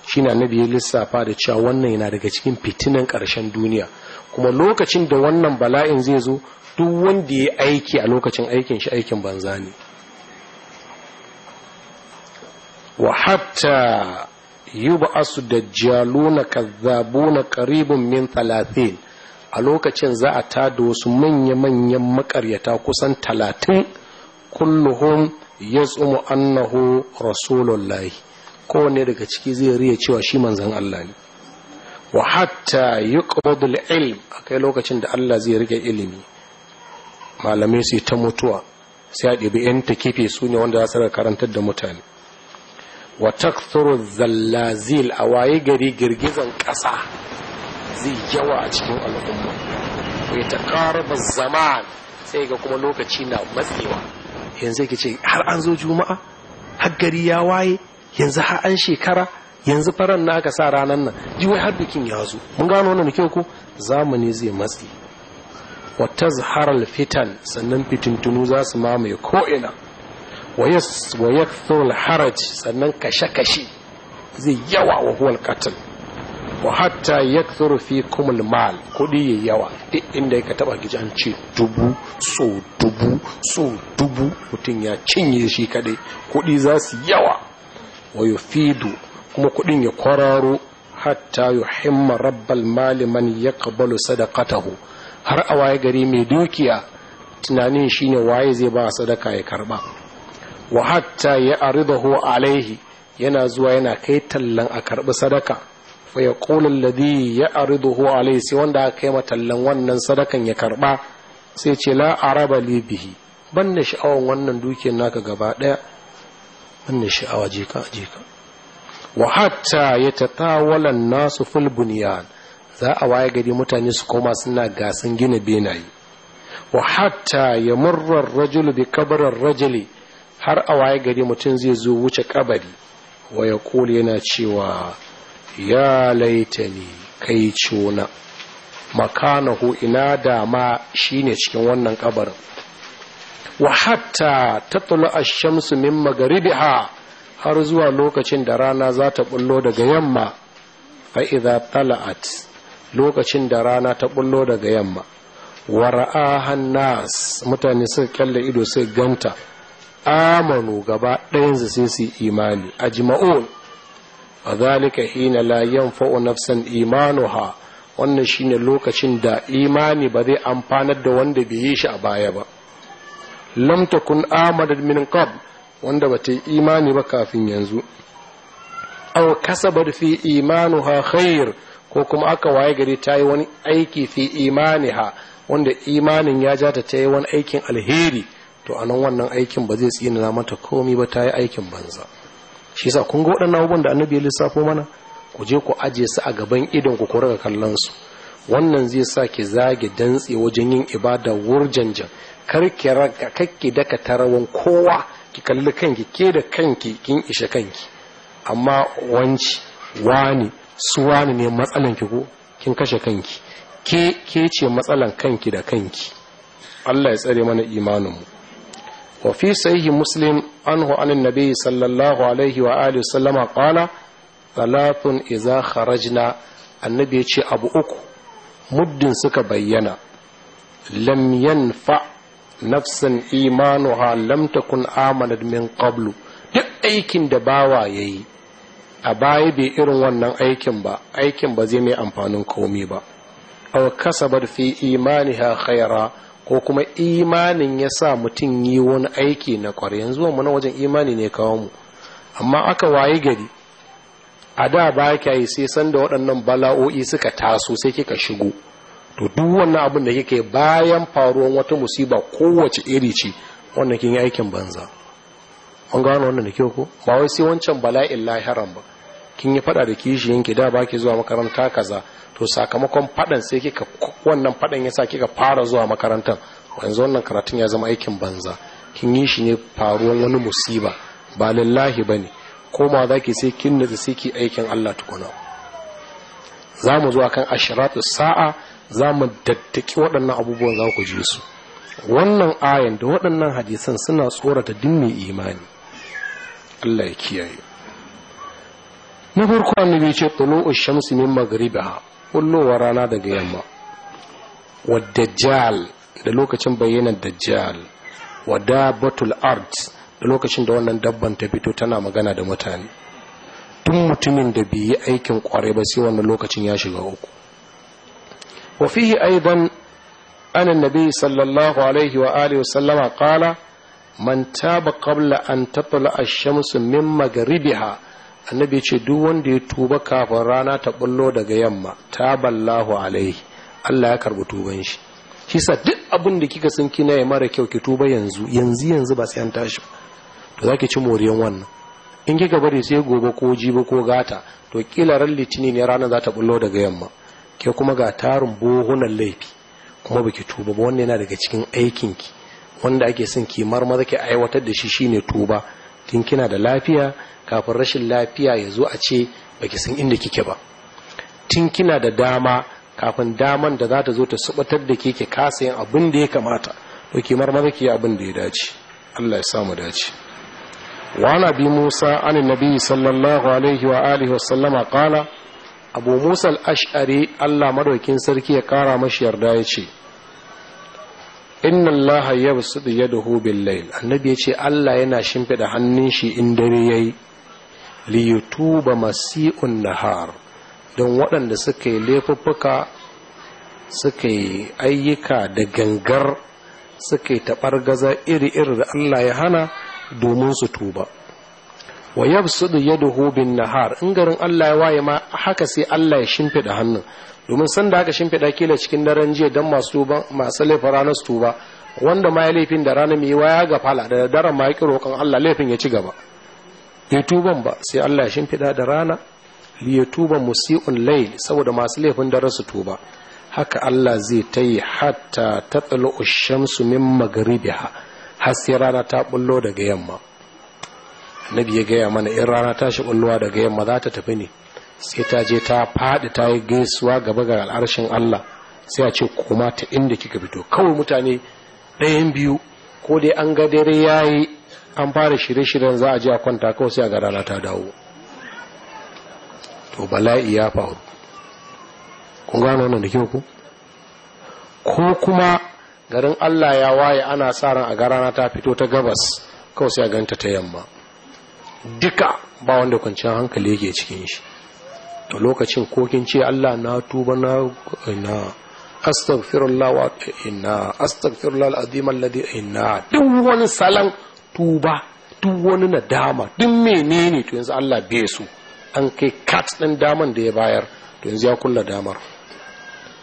shine annabi ya lissafa da cewa wannan yana daga cikin fitinan karshen duniya kuma lokacin da wannan bala'in zai zo duk wanda ya aiki a lokacin aikin shi aikin banza ne wa hatta yub'asu dajjaluna kadhabuna karibin min talatin a lokacin za a tada wasu manya-manyan makaryata kusan talatin kulluhum yatsumu annahu rasulullahi kowanne daga ciki zai riya cewa shi manzon Allah ne wa hatta yuqbadu al-ilm akai lokacin da Allah zai rike ilimi malamai sai ta mutuwa sai a dibi 'yan takife su ne wanda za su karantar da mutane wa takthuru zallazil a waye gari girgizan ƙasa zai yawa a cikin al'umma wa ta zaman sai ga kuma lokaci na matsewa yanzu ke ce har an zo juma'a har gari ya waye yanzu har an shekara yanzu faran na aka sa ranar nan ji wai har bikin ya zo mun gano wannan kyau ko zamani zai matsi wa tazharal fitan sannan fitintunu za su mamaye ko ina wa yakthur haraj sannan kashe kashe zai yawa wa huwar qatl wa hatta yakthuru fi kumul mal kudi ya yawa duk inda ka taba an ce dubu so dubu so dubu mutum ya cinye shi kadai kudi za su yawa wa yufidu kuma kudin ya kwararo hatta yuhimma rabbal maliman man yaqbalu sadaqatahu har a waye gari mai dukiya tunanin shine waye zai ba sadaka ya karba wa hatta ya aridahu alaihi yana zuwa yana kai tallan a karbi sadaka fa ya ƙulun ladi ya ariduhu alai sai wanda aka yi matallan wannan sadakan ya karɓa sai ce la araba libihi ban da sha'awan wannan dukiyar naka gaba ɗaya ban da sha'awa jika jika wa hatta ya tatawalan nasu fulbuniyan za a waye gari mutane su koma suna gasan gina benaye wa hatta ya murar rajul bi kabarar rajali har a waye gari mutum zai zo wuce kabari wa ya yana cewa ya laitani kai cona makanahu ina dama shine cikin wannan kabarin wa hatta tatlu ash-shamsu min magribiha har zuwa lokacin da rana za ta bullo daga yamma fa idza tala'at lokacin da rana ta bullo daga yamma wa ra'aha nas mutane suka kalle ido sai ganta amanu gaba ɗayan su sai su imani jima'o. a zalika hina la fa'o nafsan imanuha wannan shine lokacin da imani ba zai amfanar da wanda bai yi shi a baya ba lam takun amadat min qabl wanda ba ta imani ba kafin yanzu aw kasabat fi imanuha khair ko kuma aka waye gari ta yi wani aiki fi imani ha, wanda imanin ya ja ta yi wani aikin alheri to anan wannan aikin ba zai tsina mata komi ba ta yi aikin banza shi sa kun ga waɗannan abubuwan da annabi ya lissafo mana ku je ku aje su a gaban idon ku raka kallon su wannan zai sa ki zage dantse wajen yin ibada wurjanjan kar ki raga kakki daka tarawan kowa ki kalli kanki ke da kanki kin ishe kanki amma wanci wani su wani ne matsalan ki ko kin kashe kanki ke ke ce matsalan kanki da kanki Allah ya tsare mana imanin mu وفي صحيح مسلم عنه عن النبي صلى الله عليه وآله وسلم قال ثلاث إذا خرجنا النبي يتشي أبو أكو مد سك بينا لم ينفع نفسا إيمانها لم تكن آمنت من قبل duk aikin da bawa ya yi a baya bai irin wannan aikin ba aikin ba zai mai amfanin komi ba aw kasabat fi imaniha khaira ko kuma imanin ya sa mutum yi wani aiki na kwarai yanzu wani wajen imani ne kawo mu amma aka waye gari a da ba ka yi sai sanda waɗannan bala'o'i suka taso sai kika shigo to duk wannan abin da kike bayan faruwan wata musiba kowace iri ce wannan kin yi aikin banza an gano wannan da kyau ko ba wai sai wancan bala'in lahiran ba kin yi fada da kishiyanki da ba ki zuwa makaranta kaza to sakamakon fadan sai kika wannan fadan yasa kika fara zuwa makarantar yanzu wannan karatun ya zama aikin banza kin yi shi ne faruwan wani musiba ba lillahi bane za ki sai kin nutsi sai ki aikin Allah tukuna za mu zuwa kan ashiratu sa'a za mu daddaki waɗannan abubuwan za ku ji su wannan ayan da waɗannan hadisan suna tsorata dinne imani Allah ya kiyaye na farko annabi ce tulu'ush shamsi min maghribiha kullowar rana daga yamma wa dajjal da lokacin bayyanar dajjal wa dabatul ard da lokacin da wannan dabban ta fito tana magana da mutane tun mutumin da bai yi aikin kware ba sai wannan lokacin ya shiga uku wa fihi aidan an annabi sallallahu alaihi wa alihi wa sallama qala man taba qabla an tatla ash-shamsu min maghribiha annabi ce duk wanda ya tuba kafin rana ta bullo daga yamma ta ballahu alaihi Allah ya karbi tuban shi shi duk abin da kika san kina ya mara kyau ki tuba yanzu yanzu yanzu ba sai an tashi to zaki ci moriyan wannan in kika bari sai gobe ko jibi ko gata to kila ran litini ne rana za ta bullo daga yamma ke kuma ga tarin bohunan laifi kuma baki tuba ba wannan yana daga cikin aikin ki wanda ake son ki marmar ki aiwatar da shi shine tuba tun kina da lafiya kafin rashin lafiya ya zo a ce baki san inda kike ba tun kina da dama kafin daman da za ta zo ta subatar da ke ke kasa yin abin da ya kamata to ki marmara ki abin da ya dace Allah ya samu dace wa bi Musa anin nabi sallallahu alaihi wa alihi wa qala Abu Musa al-Ash'ari Allah madaukin sarki ya kara mashi yarda ya ce inna Allah yabsutu yadahu bil layl annabi ya ce Allah yana shimfida hannun shi in dare yayi liyutuba masi'un nahar don waɗanda suka yi laifuffuka suka yi ayyuka da gangar suka yi gaza iri-iri da Allah ya hana domin su tuba wa yabsudu yaduhu bin nahar in garin Allah ya waye ma haka sai Allah ya shimfiɗa hannun domin sanda aka shimfiɗa kila cikin daren jiya don masu tuba masu laifin ranar su tuba wanda ma ya laifin da ranar mai waya ga fala da daren ma ya roƙon Allah laifin ya ci gaba bai tuban ba sai Allah ya shimfiɗa da rana li tuba musi'un layl saboda masu laifin da rasu tuba haka Allah zai ta yi hatta ta ash-shamsu min maghribiha har sai rana ta bullo daga yamma nabi ya gaya mana in rana ta shi bullowa daga yamma za ta tafi ne sai ta je ta faɗi ta yi gaisuwa gaba ga al'arshin Allah sai a ce koma ta inda kika fito kawai mutane ɗayan biyu ko dai an ga dare yayi an fara shirye-shiryen za a ji a kwanta kawai sai a ga rana ta dawo to bala'i ya faru kun gano wannan da kyau ku ko kuma garin Allah ya waye ana sa ran a ga rana ta fito ta gabas kawai sai a ganta ta yamma duka ba wanda kwanciyar hankali yake cikin shi to lokacin kokin ce Allah na tuba na ina astaghfirullah wa inna astaghfirullah alazim alladhi inna duk wani salan tuba duk wani nadama duk menene to yanzu Allah be su an kai kat ɗin daman da ya bayar to yanzu ya kulla damar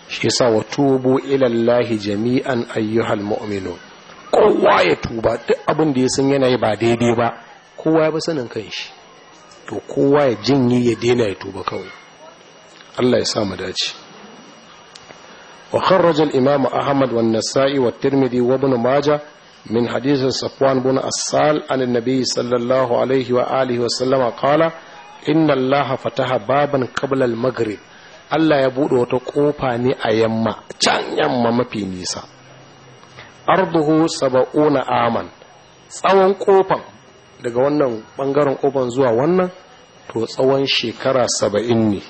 shi yasa wa tubu ilallahi jami'an ayyuhal mu'minu kowa ya tuba duk abin da ya san yana yi ba daidai ba kowa ya bi sanin kanshi to kowa ya jinyi ya daina ya tuba kawai Allah ya sa mu dace wa kharraja al-imam Ahmad wa an wa Tirmidhi wa Ibn Majah من حديث صفوان بن السال عن النبي صلى الله عليه وآله وسلم قال إن الله فتح بابا قبل المغرب Allah ya buɗe wata ƙofa ne a yamma can yamma mafi nisa arduhu saba'una aman tsawon ƙofan daga wannan ɓangaren ƙofan zuwa wannan to tsawon shekara saba'in ne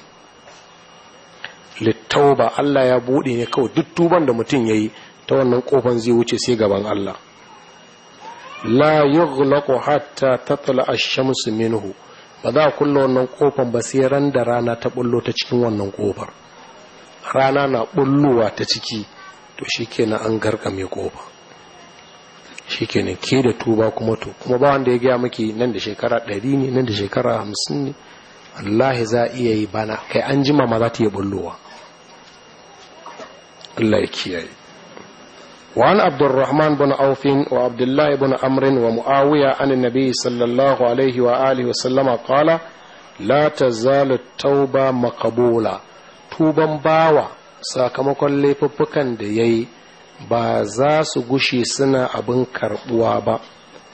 littauba Allah ya buɗe ne kawai duk tuban da mutum ya yi ta wannan ƙofan zai wuce sai gaban Allah لا يغلق hatta تطلع الشمس shamsu minhu ba za a kulle wannan kofar ba sai ran da rana ta bullo ta cikin wannan kofar rana na bulluwa ta ciki to shikenan an garkame kofa shikenan ke da tuba kuma to kuma ba wanda ya gaya maki nan da shekara ɗari ne nan da shekara hamsin ne Allah za a iya yi bana kai an jima ma za ta iya bulluwa. Allah ya kiyaye وعن عبد الرحمن بن عوف وعبد الله بن عمرو ومعاوية عن النبي صلى الله عليه وآله وسلم قال لا تزال التوبة مقبولة توبا باوة sakamakon laifuffukan da ya yi ba za su gushe suna abin karbuwa ba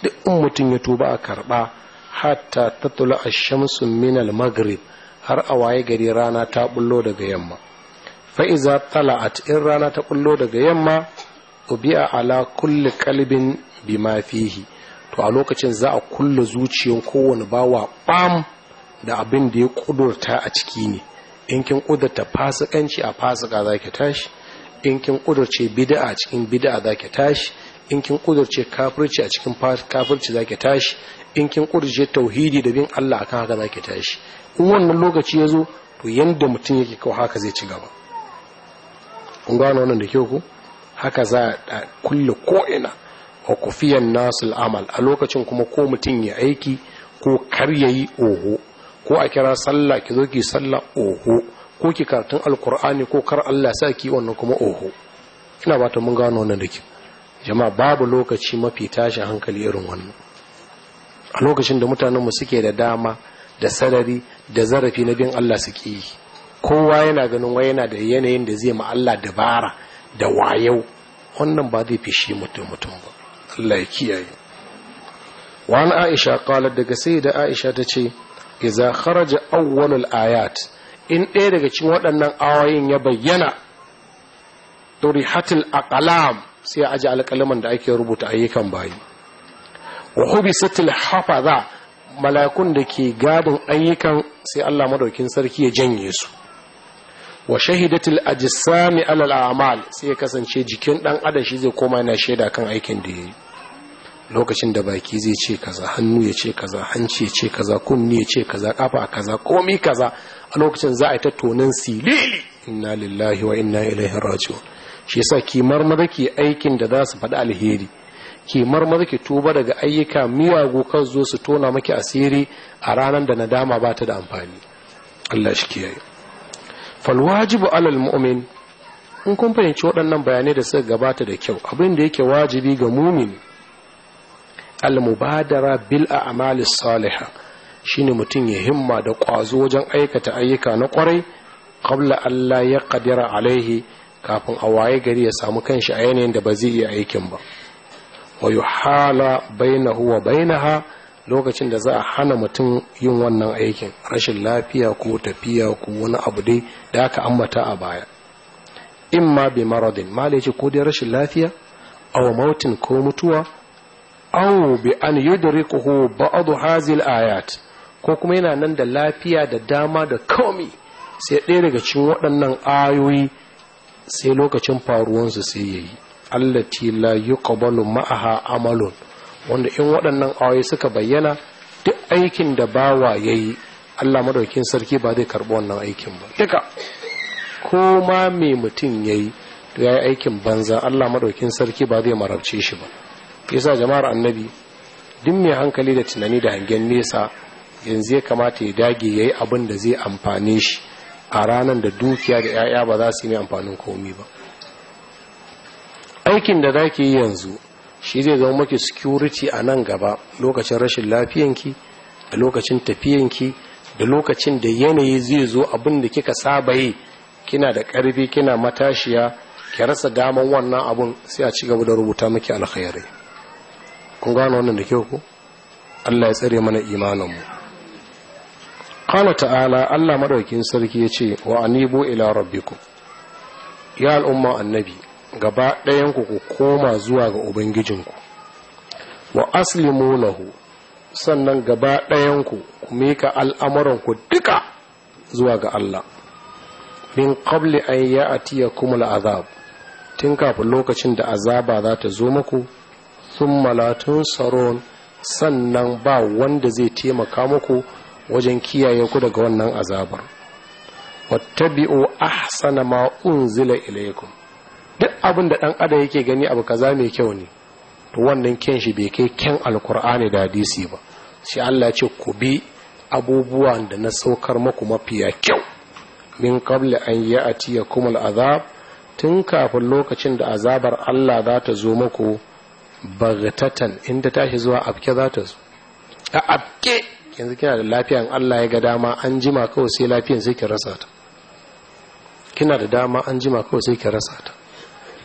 duk in mutum ya tuba a karba hatta ta tula a shamsun minal maghrib har a waye gari rana ta bullo daga yamma fa'iza tala'at in rana ta bullo daga yamma ubi'a ala kulli kalbin bima fihi to a lokacin za a kulle zuciyar kowane bawa bam da abin da ya kudurta a ciki ne in kin kudurta fasikanci a fasika zaki tashi in kin kudurce bid'a a cikin bid'a za tashi in kin kudurce kafirci a cikin kafirci za tashi in kin kudurce tauhidi da bin Allah akan haka zaki tashi in wannan lokaci ya zo to yanda mutum yake kawo haka zai ci gaba kun gano wannan da kyau ko haka za a kulle ko'ina a kufiyan nasu al'amal a lokacin kuma ko mutum ya aiki ko kar ya yi oho ko a kira sallah ki zo ki sallah oho ko ki karatun alkur'ani ko kar allah sa ki wannan kuma oho ina ba ta mun gano wannan da ke jama'a babu lokaci mafi tashi hankali irin wannan a lokacin da mutanenmu suke da dama da sarari da zarafi na bin allah suke yi kowa yana ganin wai yana da yanayin da zai ma Allah dabara da wayau wannan ba zai fishi mutum mutum ba Allah ya kiyaye wani aisha kala daga sai da aisha ta ce iza kharaja awwalul ayat in ɗaya daga cikin waɗannan ayoyin ya bayyana turihatul aqlam sai a ji alƙalaman da ake rubuta ayyukan bayi wa hubisatul hafaza malakun da ke gadin ayyukan sai Allah madaukin sarki ya janye su wa shahidatul ajsami alal a'mal sai ya kasance jikin dan adam shi zai koma yana shaida kan aikin da yayi lokacin da baki zai ce kaza hannu ya ce kaza hanci ya ce kaza kunni ya ce kaza kafa kaza komi kaza a lokacin za a yi ta silili inna lillahi wa inna ilaihi raji'un shi yasa ki marmara ki aikin da za su faɗi alheri ki marmara ki tuba daga ayyuka miyagu kan zo su tona maki asiri a ranar da nadama ba ta da amfani Allah shi kiyaye falwajibu alal mu'min in kun fahimci waɗannan bayanai da suka gabata da kyau abin da yake wajibi ga mumin almubadara bil a'malis salihah shine mutum ya himma da ƙwazo wajen aikata ayyuka na ƙwarai qabla Allah ya qadira alaihi kafin a waye gari ya samu kanshi a yanayin da ba zai iya aikin ba wa yuhala bainahu wa bainaha lokacin da za a hana mutum yin wannan aikin rashin lafiya ko tafiya ko wani abu dai da aka ambata a baya in ma bi maradin mala ce ko dai rashin lafiya aw mautin ko mutuwa aw bi an yudrikuhu ba'd hazil ayat ko kuma yana nan da lafiya da dama da komi sai ɗaya daga cikin waɗannan ayoyi sai lokacin faruwansu sai yayi allati la yuqbalu ma'aha amalun wanda in waɗannan awaye suka bayyana duk aikin da bawa ya yi allah madaukin sarki ba zai karɓi wannan aikin ba duka ko ma me mutum ya yi to ya yi aikin banza allah madaukin sarki ba zai marabce shi ba yasa jama'ar annabi duk mai hankali da tunani da hangen nesa yanzu ya kamata ya dage ya yi abin da zai amfane shi a ranar da dukiya da 'ya'ya ba za su yi amfanin komi ba aikin da za ke yi yanzu shi zai zama maki security a nan gaba lokacin rashin lafiyanki da lokacin tafiyanki da lokacin da yanayi zai zo abin da kika saba yi kina da ƙarfi kina matashiya ki rasa daman wannan abun sai a ci gaba da rubuta miki alkhairi kun gano wannan da kyau ko Allah ya tsare mana imaninmu qala ta'ala Allah madaukin sarki yace wa anibu ila rabbikum ya al'umma annabi gaba ɗayanku ku koma zuwa ga ubangijinku wa aslimu lahu sannan gaba ɗayanku ku mika al'amuranku duka zuwa ga Allah min qabli an kuma la’azab tun kafin lokacin da azaba za ta zo muku sun tun tsaro sannan ba wanda zai taimaka muku wajen kiyaye ku daga wannan azabar wattabi'u ahsana ma unzila ilaikun duk abin da ɗan adam yake gani abu kaza mai kyau ne to wannan kyan shi bai kai kyan alkur'ani da hadisi ba shi Allah ce ku bi abubuwan da na saukar maku mafiya kyau min qabla an ya'tiyakum al'azab tun kafin lokacin da azabar Allah za ta zo maku bagtatan inda tashi zuwa abke za ta zo a abke yanzu kina da lafiyan Allah ya ga dama an jima kawai sai lafiyan sai ki rasa ta kina da dama an jima kawai sai ki rasa ta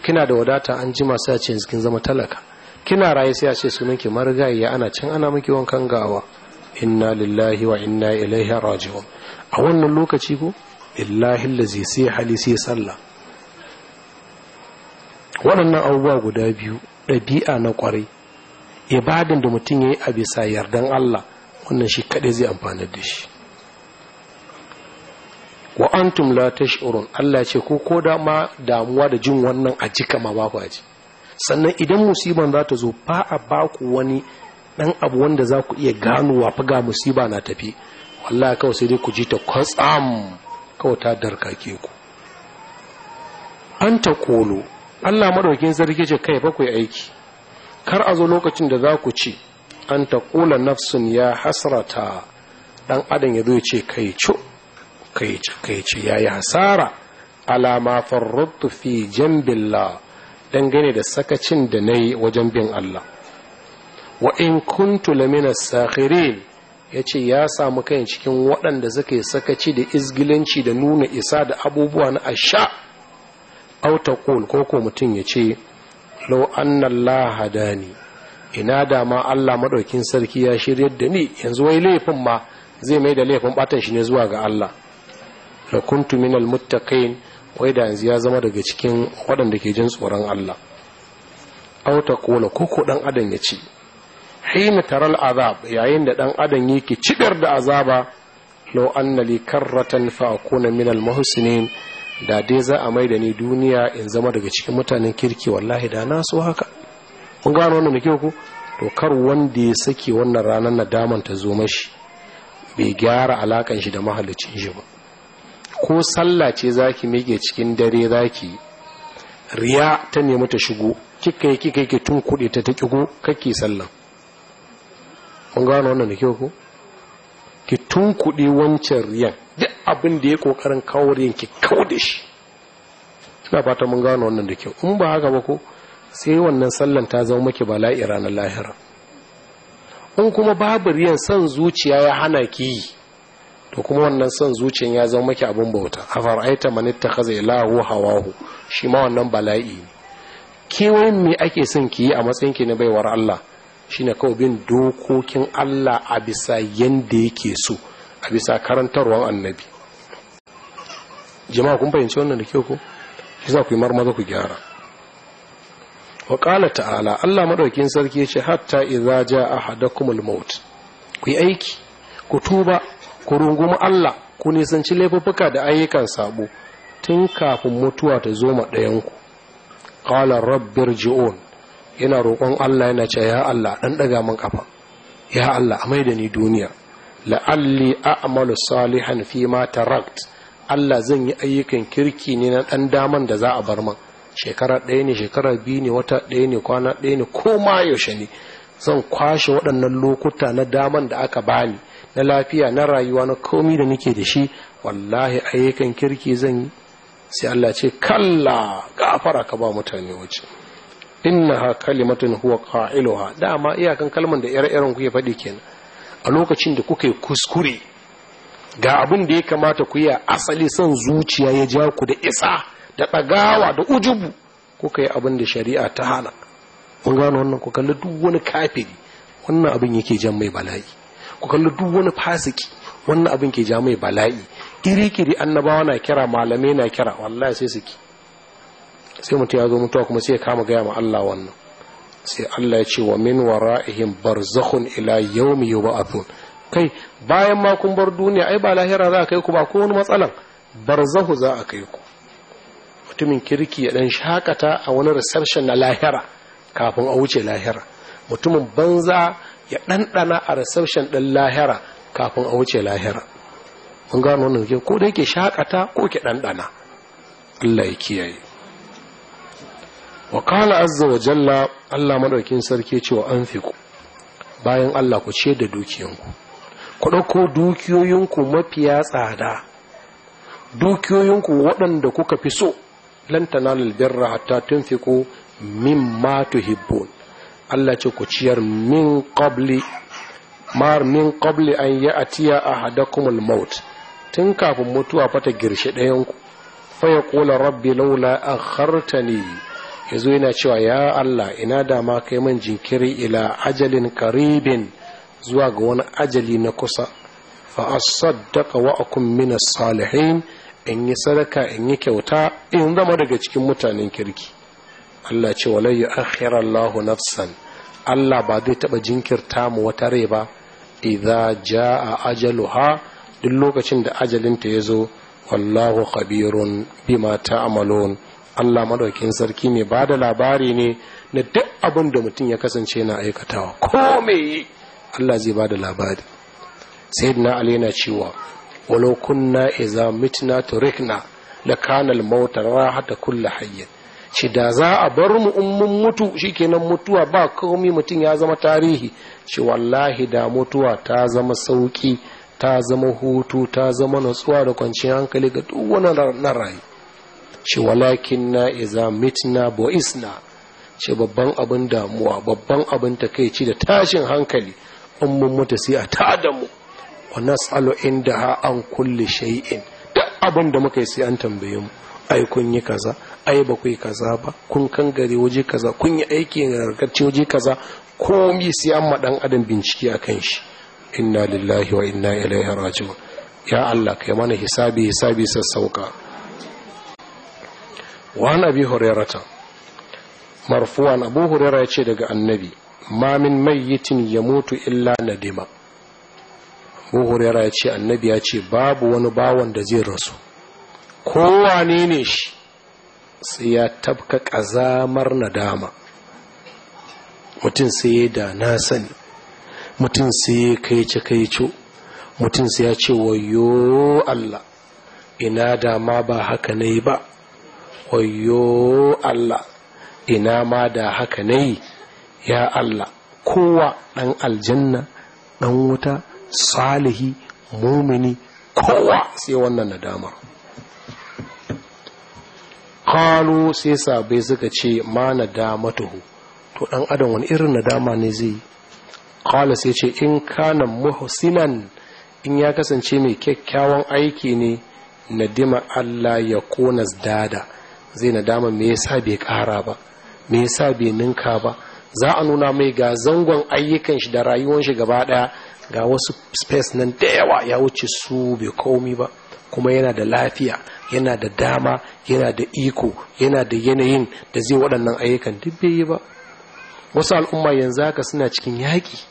kina da wadata an jima sai a ce yanzu kin zama talaka kina raye sai a ce sunan ki marigayiya ana can ana miki wankan gawa inna lillahi wa inna ilaihi raji'un a wannan lokaci ko illahi allazi sai hali sai sallah waɗannan abubuwa guda biyu ɗabi'a na kwarai ibadan da mutum yayi yi a bisa yardan Allah wannan shi kaɗai zai amfana da shi wa antum la tash'urun Allah ce ko ko da ma damuwa da jin wannan a jika ma ba ku aji sannan idan musiban za ta zo fa a ba ku wani dan abu wanda za ku iya ganowa fa ga musiba na tafi wallahi kawai sai dai ku ji ta kwatsam kawai ta darkake ku an ta kolo Allah madaukin sarki ce kai fa ku aiki kar a zo lokacin da za ku ci an ta nafsun ya hasrata dan adam ya zo ce kai cu kaici ya yi hasara alama farrattu fi jambillah dangane da sakacin da na yi wajen bin Allah wa in kuntu lamina sakhirin ce ya samu kai cikin waɗanda suke sakaci da izgilanci da nuna isa da abubuwa na asha auta koko ko ko ce yace law anna Allah hadani ina dama Allah madaukin sarki ya shiryar da ni yanzu wai laifin ma zai mai da laifin batan shi ne zuwa ga Allah la kuntu minal muttaqin wai da yanzu ya zama daga cikin waɗanda ke jin tsoron Allah aw kola koko dan adam ya ce hina taral azab yayin da dan adam yake cidar da azaba lo anna li karratan fa akuna minal muhsinin da dai za a mai da ni duniya in zama daga cikin mutanen kirki wallahi da na so haka kun gano wannan da kyau to kar wanda ya sake wannan ranar nadaman ta zo mashi bai gyara alakan shi da mahallicin shi ba ko sallah ce zaki mike cikin dare zaki riya ta nemi ta shigo kika yi kika yi tun kuɗi ta ta kigo kake sallan kun gano wannan da kyau ko ki tun kuɗi wancan riyan duk abin da ya kokarin kawo riyan ki kawo da shi ina fata mun gano wannan da kyau in ba haka ba ko sai wannan sallan ta zama maki bala'i ranar lahira in kuma babu riyan son zuciya ya hana ki yi to kuma wannan son zuciyan ya zama maki abin bauta a far'aita man ittakhadha ilahu hawahu shi ma wannan bala'i ne ke me ake son ki yi a matsayin ki na baiwar Allah shine kawai bin dokokin Allah a bisa yanda yake so a bisa karantarwar annabi jama'a kun fahimci wannan da ke ko shi za ku yi marmaza ku gyara wa qala ta'ala Allah madaukin sarki ya ce hatta idza jaa ahadakumul maut ku yi aiki ku tuba ku rungumi Allah ku nisanci laifuka da ayyukan sabo tun kafin mutuwa ta zo ma ɗayanku qala rabbir ji'un yana roƙon Allah yana cewa ya Allah dan daga min kafa ya Allah amai da ni duniya la'alli a'malu salihan fi ma tarakt Allah zan yi ayyukan kirki ne na dan daman da za a bar mun shekara ɗaya ne shekara biyu ne wata ɗaya ne kwana ɗaya ne ko ma yaushe ne zan kwashe waɗannan lokuta na daman da aka bani na lafiya na rayuwa na komi da nake da shi wallahi ayyukan kirki zan yi sai Allah ce kalla gafara ka ba mutane wace innaha kalimatun huwa qailuha dama iyakan kalman da ire-iren ku ya faɗi kenan a lokacin da kuka yi kuskure ga abin da ya kamata ku yi asali son zuciya ya ja ku da isa da ɗagawa da ujubu kuka yi abin da shari'a ta hana mun gano wannan ku kalli duk wani kafiri wannan abin yake jan mai bala'i ku kalli duk wani fasiki wannan abin ke ja mai bala'i iri kiri annabawa na kira malamai na kira wallahi sai suki sai mutum ya zo mutuwa kuma sai ya kama gaya ma Allah wannan sai Allah ya ce wa min wara'ihim barzakhun ila yawmi yub'athun kai bayan ma bar duniya ai ba lahira za a kai ku ba ko wani matsalan barzahu za a kai ku mutumin kirki ya dan shakata a wani reception na lahira kafin a wuce lahira mutumin banza ya ɗanɗana a reception ɗin lahira kafin a wuce lahira An gano wannan ke ko dai ke shakata ko ke ɗanɗana Allah ya kiyaye wa kala azza wa jalla Allah maɗaukin sarki cewa an fiku bayan Allah ku ce da dukiyanku ku ɗauko dukiyoyinku mafiya tsada dukiyoyinku waɗanda kuka fi so lantana lalbirra hatta tun fiko min ma tuhibbun Allah ce ku ciyar min qabli mar min qabli an atiya ahadakum al maut tun kafin mutuwa fa ta girshe ɗayan ku fa ya kula rabbi laula akhartani yazo yana cewa ya Allah ina da ma kai man jinkiri ila ajalin karibin zuwa ga wani ajali na kusa fa asaddaqa wa akum min salihin in yi sadaka in yi kyauta in zama daga cikin mutanen kirki Allah ce wala yu akhirallahu nafsan Allah ba zai taɓa jinkirta mu wata rai ba idza jaa ajaluha duk lokacin da ajalinta ya zo wallahu khabirun bima ta'malun Allah madaukin sarki mai ba da labari ne na duk abin da mutum ya kasance na aikatawa kome Allah zai ba da labari sayyidina ali yana cewa walau kunna idza mitna turikna la kana al-maut rahata kulli hayyin shi da za a bar mu in mun mutu shikenan mutuwa ba komi mutum ya zama tarihi shi wallahi da mutuwa ta zama sauki ta zama hutu ta zama natsuwa da kwanciyar hankali ga duk na rayu shi walakin na iza mitna boisna ce babban abin damuwa babban abin takaici da tashin hankali in mun mutu sai a tada mu wa nas'alu ha an kulli shay'in duk abin da muka yi sai an tambaye mu ai kun yi kaza ai ba ku yi kaza ba kun kan gare waje kaza kun yi aiki na gargarci waje kaza komi sai an dan adam bincike a kan shi inna lillahi wa inna ilaihi raji'un ya Allah kai mana hisabi hisabi sassauka wa nabi hurairata marfuwan abu hurairata ce daga annabi ma min mayyitin yamutu illa nadima abu hurairata ce annabi ya ce babu wani bawan da zai rasu kowane ne shi sai ya tafka ƙazamar nadama mutum sai ya da na sani mutum sai ya kai ce kai ce mutum sai ya ce wayo Allah ina da ma ba haka ne ba wayo Allah ina ma da haka ne ya Allah kowa ɗan aljanna ɗan wuta salihi mumini kowa sai wannan nadamar qalu sai sabe suka ce ma nadamatuhu to dan adam wani irin nadama ne zai qala sai ce in kana muhsinan in ya kasance mai kyakkyawan aiki ne nadima Allah ya kona dada zai nadama me yasa bai kara ba me yasa bai ninka ba za a nuna mai ga zangon ayyukan shi da rayuwan shi gaba daya ga wasu space nan da yawa ya wuce su bai komi ba kuma yana da lafiya yana da dama yana da iko yana da yanayin da zai waɗannan ayyukan duk bai yi ba wasu al'umma yanzu haka suna cikin yaƙi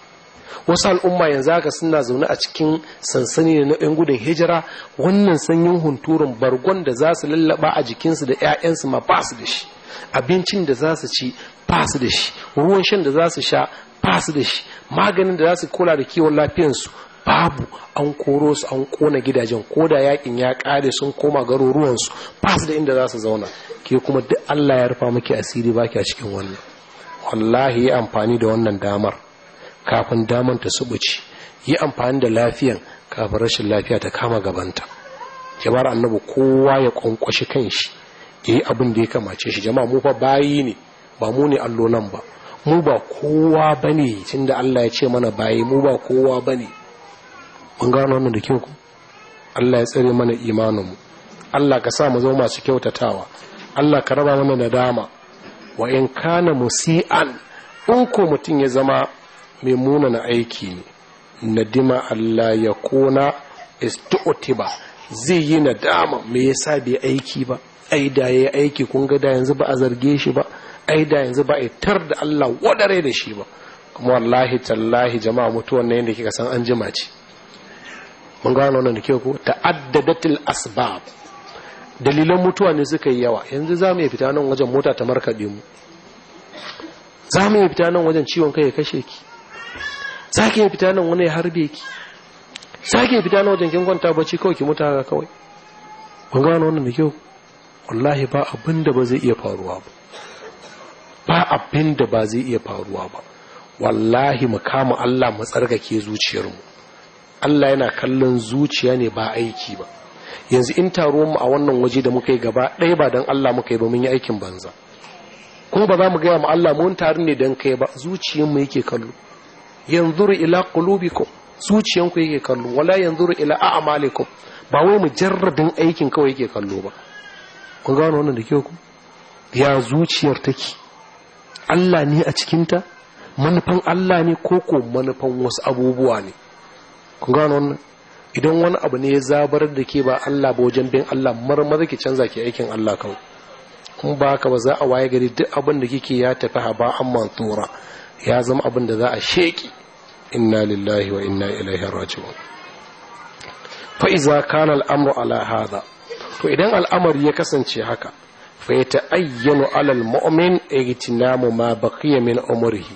wasu al'umma yanzu haka suna zaune a cikin sansani na 'yan gudun hijira wannan sanyin hunturun bargon da za su lallaba a jikinsu da 'ya'yansu ma ba su da shi abincin da za su ci ba su da shi ruwan shan da za su sha ba su da shi maganin da za su kula da kiwon lafiyansu babu an koro su an kona gidajen ko da yakin ya kare sun koma garuruwansu ba su da inda za su zauna ke kuma duk Allah ya rufa maki asiri baki a cikin wannan wallahi yi amfani da wannan damar kafin damar ta subuci yi amfani da lafiyan kafin rashin lafiya ta kama gabanta jama'ar annabu kowa ya kwankwashi kanshi yi abin da ya kamace shi jama'a mu fa bayi ne ba mu ne allo nan ba mu ba kowa bane tunda Allah ya ce mana bayi mu ba kowa bane mun gano wannan da kyau ku Allah ya tsare mana imaninmu Allah ka sa mu zo masu kyautatawa Allah ka raba mana nadama wa in kana musian in ko mutum ya zama mai munan aiki ne nadima Allah ya kona istu'tiba zai yi nadama me yasa bai aiki ba ai da yayi aiki kun ga da yanzu ba a zarge shi ba ai da yanzu ba a tar da Allah wadare da shi ba kuma wallahi tallahi jama'a mutuwan ne da kika san an jima ce mun gano wannan da ke ku ta'addadatil asbab dalilan mutuwa ne suka yi yawa yanzu za mu iya fita nan wajen mota ta markaɗe mu za mu iya fita nan wajen ciwon kai ya kashe ki za ki iya fita nan wani ya harbe ki za ki iya fita nan wajen kin kwanta bacci kawai ki mutu haka kawai mun gano wannan da kyau wallahi ba abin da ba zai iya faruwa ba ba abin da ba zai iya faruwa ba wallahi mu kama Allah mu tsarkake zuciyarmu Allah yana kallon zuciya ne ba aiki ba yanzu in taro mu a wannan waje da muka yi gaba ɗaya ba don Allah muka yi ba mun yi aikin banza kuma ba za mu gaya ma Allah mun taru ne don kai ba zuciyan mu yake kallo yanzu ila qulubikum zuciyan ku yake kallo wala yanzu ila a'malikum ba wai mu jarrabin aikin kawai yake kallo ba kun ga wannan da kyau ku ya zuciyar take Allah ne a cikinta manufan Allah ne ko ko manufan wasu abubuwa ne Ku gano wannan idan wani abu ne ya zabar da ke ba Allah ba wajen bin Allah marmar ki canza ki aikin Allah kawai kun ba haka ba za a waye gari duk abin da kike ya tafi haba an mantura ya zama abin da za a sheki inna lillahi wa inna ilaihi raji'un fa iza kana al'amur ala haza to idan al'amari ya kasance haka fa yata'ayyanu ala al-mu'min ijtinamu ma baqiya min umrihi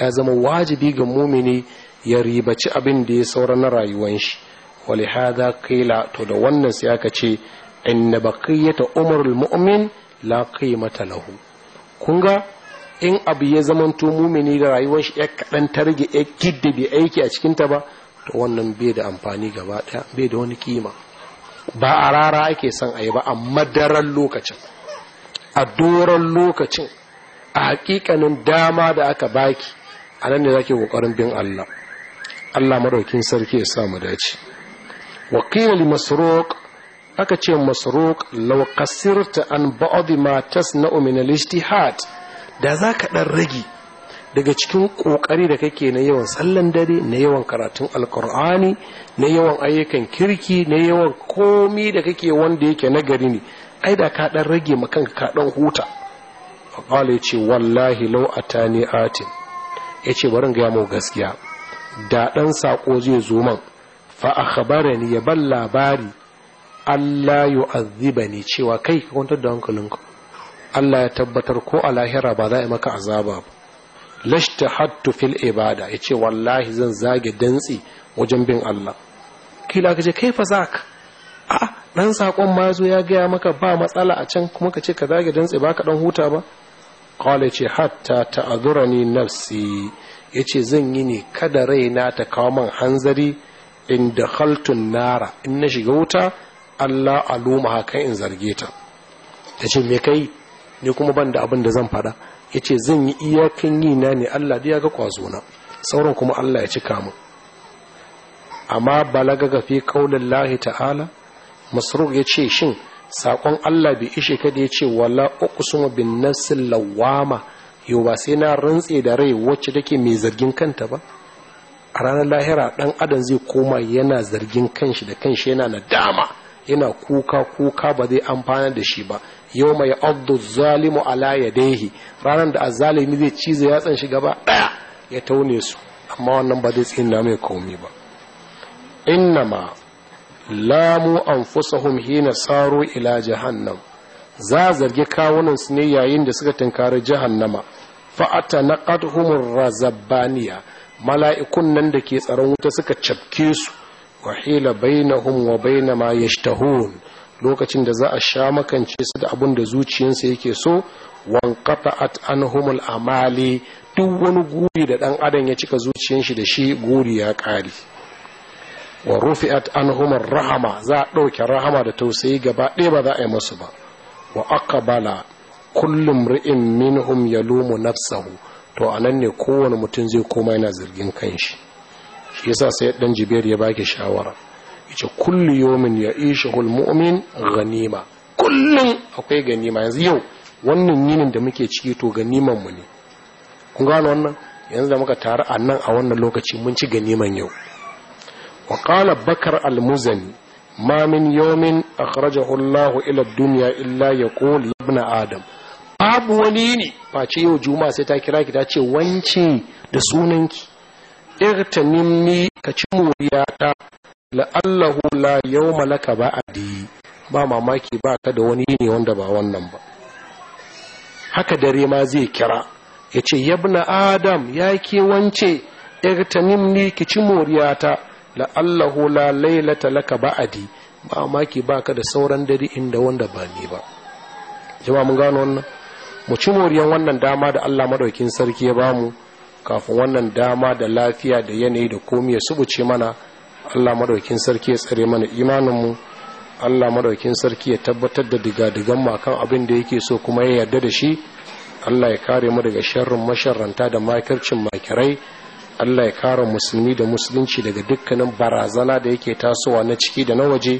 ya zama wajibi ga mumini ya ribaci abin da ya saura na rayuwan shi wale hada kaila to da wannan sai aka ce inna baqiyata umrul mu'min la qimata lahu kun ga in abu ya zamanto mumini da rayuwar shi ya kaɗan targe rage ya kidda bi aiki a ta ba to wannan bai da amfani gaba ɗaya bai da wani kima ba a rara ake son ayi ba a madaran lokacin a doron lokacin a hakikanin dama da aka baki a nan ne zake kokarin bin Allah Allah madaukin sarki ya sa mu dace wa qila li masruq aka ce masruq law qasirta an ba'd ma tasna'u min al-ijtihad da zaka dan rage daga cikin kokari da kake na yawan sallan dare na yawan karatun alkur'ani na yawan ayyukan kirki na yawan komi da kake wanda yake nagari ne ai da ka dan rage makan ka dan huta faqala yace wallahi law atani atin yace barin ga mu gaskiya da ɗan sako zai zo man fa akhbarani ya ban labari Allah ne cewa kai ka kwantar da hankalinka Allah ya tabbatar ko a lahira ba za a yi maka azaba ba lashta hattu fil ibada yace wallahi zan zage dantsi wajen bin Allah kila kace kai fa ka a dan sakon ma zo ya gaya maka ba matsala a can kuma ka ce ka zage dantsi ka ɗan huta ba qala yace hatta ta'dhurani nafsi ya ce zan yi ne kada raina ta kawo man hanzari in da haltun nara in na shiga wuta allah aluma haka in zarge ta ta ce me kai ni kuma ban da abin da zan fada ya ce zan yi iyakin yi na ne allah da ya ga na sauran kuma allah ya cika mu amma balaga ga fi kaulin lahi ta'ala masruq ya ce shin saƙon allah bai ishe ka da ya ce wala uqsimu bin nafsil lawama yau ba sai na rantse da rai wacce take mai zargin kanta ba a ranar lahira dan adam zai koma yana zargin kanshi da kanshi yana nadama yana kuka kuka ba zai amfana da shi ba yau mai abdu zalimu ala yadaihi ranar da azalimi zai ciza yatsan shi gaba daya ya taune su amma wannan ba zai tsina mai komi ba innama lamu anfusahum hina saru ila jahannam za zargi kawunan su ne yayin da suka tunkari jahannama fa'ata na ƙadhumun razabaniya mala'ikun nan da ke tsaron wuta suka cafke su wa hila bainahum wa baina ma lokacin da za a sha makance su da abin da zuciyarsa yake so wan qata'at anhumul amali duk wani guri da dan adam ya cika zuciyar shi da shi guri ya kare wa rufi'at anhumur rahama za a dauke rahama da tausayi gaba ɗaya ba za a yi musu ba wa aqbala kullum ri'in minhum ya yalumu nafsahu to a nan ne kowane mutum zai koma yana zargin kanshi shi yasa sai dan jibir ya baki shawara yace kullu yawmin ishi hulmomin ganima. kullum akwai ganima yanzu yau wannan yinin da muke ciki to ganiman mu ne kun gano wannan yanzu da muka taru a nan a wannan lokaci mun ci ganiman yau wa bakar al-muzani ma min yawmin akhrajahu Allah ila ad-dunya illa yaqul ibn adam babu wani ne face yau Juma sai ta kira ki ta ce wance da sunanki ni ka ci ta la'allahu la yawma laka ba'adi ba mamaki ba ka da wani ne wanda ba wannan ba haka dare ma zai kira ya ce yabna adam ya ke wance ni ka ci ta la'allahu la lailata laka ba'adi ba mamaki ba ka da sauran dare inda wanda ba ni ba jama'a mun gano wannan mu ci moriyan wannan dama da Allah madaukin sarki ya bamu kafin wannan dama da lafiya da yanayi da komai ya subuce mana Allah madaukin sarki ya tsare mana imanin mu Allah madaukin sarki ya tabbatar da digadigan mu akan abin da yake so kuma ya yarda da shi Allah ya kare mu daga sharrin masharranta da makircin makirai Allah ya kare musulmi da musulunci daga dukkanin barazana da yake tasowa na ciki da na waje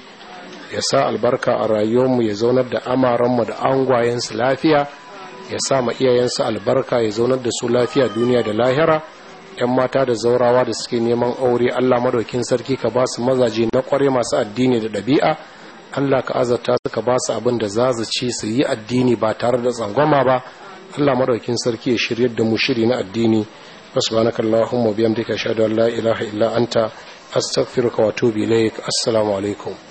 ya sa albarka a rayuwarmu ya zaunar da amaranmu da angwayensu lafiya ya sa ma iyayensu albarka ya zaunar da su lafiya duniya da lahira yan mata da zaurawa da suke neman aure Allah madaukin sarki ka ba su mazaje na kware masu addini da ɗabi'a Allah ka azarta su ka ba su abin da za su ci su yi addini ba tare da tsangwama ba Allah madaukin sarki ya shirya da mu shiri na addini subhanaka allahumma bihamdika ashhadu an la ilaha illa anta astaghfiruka wa atubu ilaik assalamu alaikum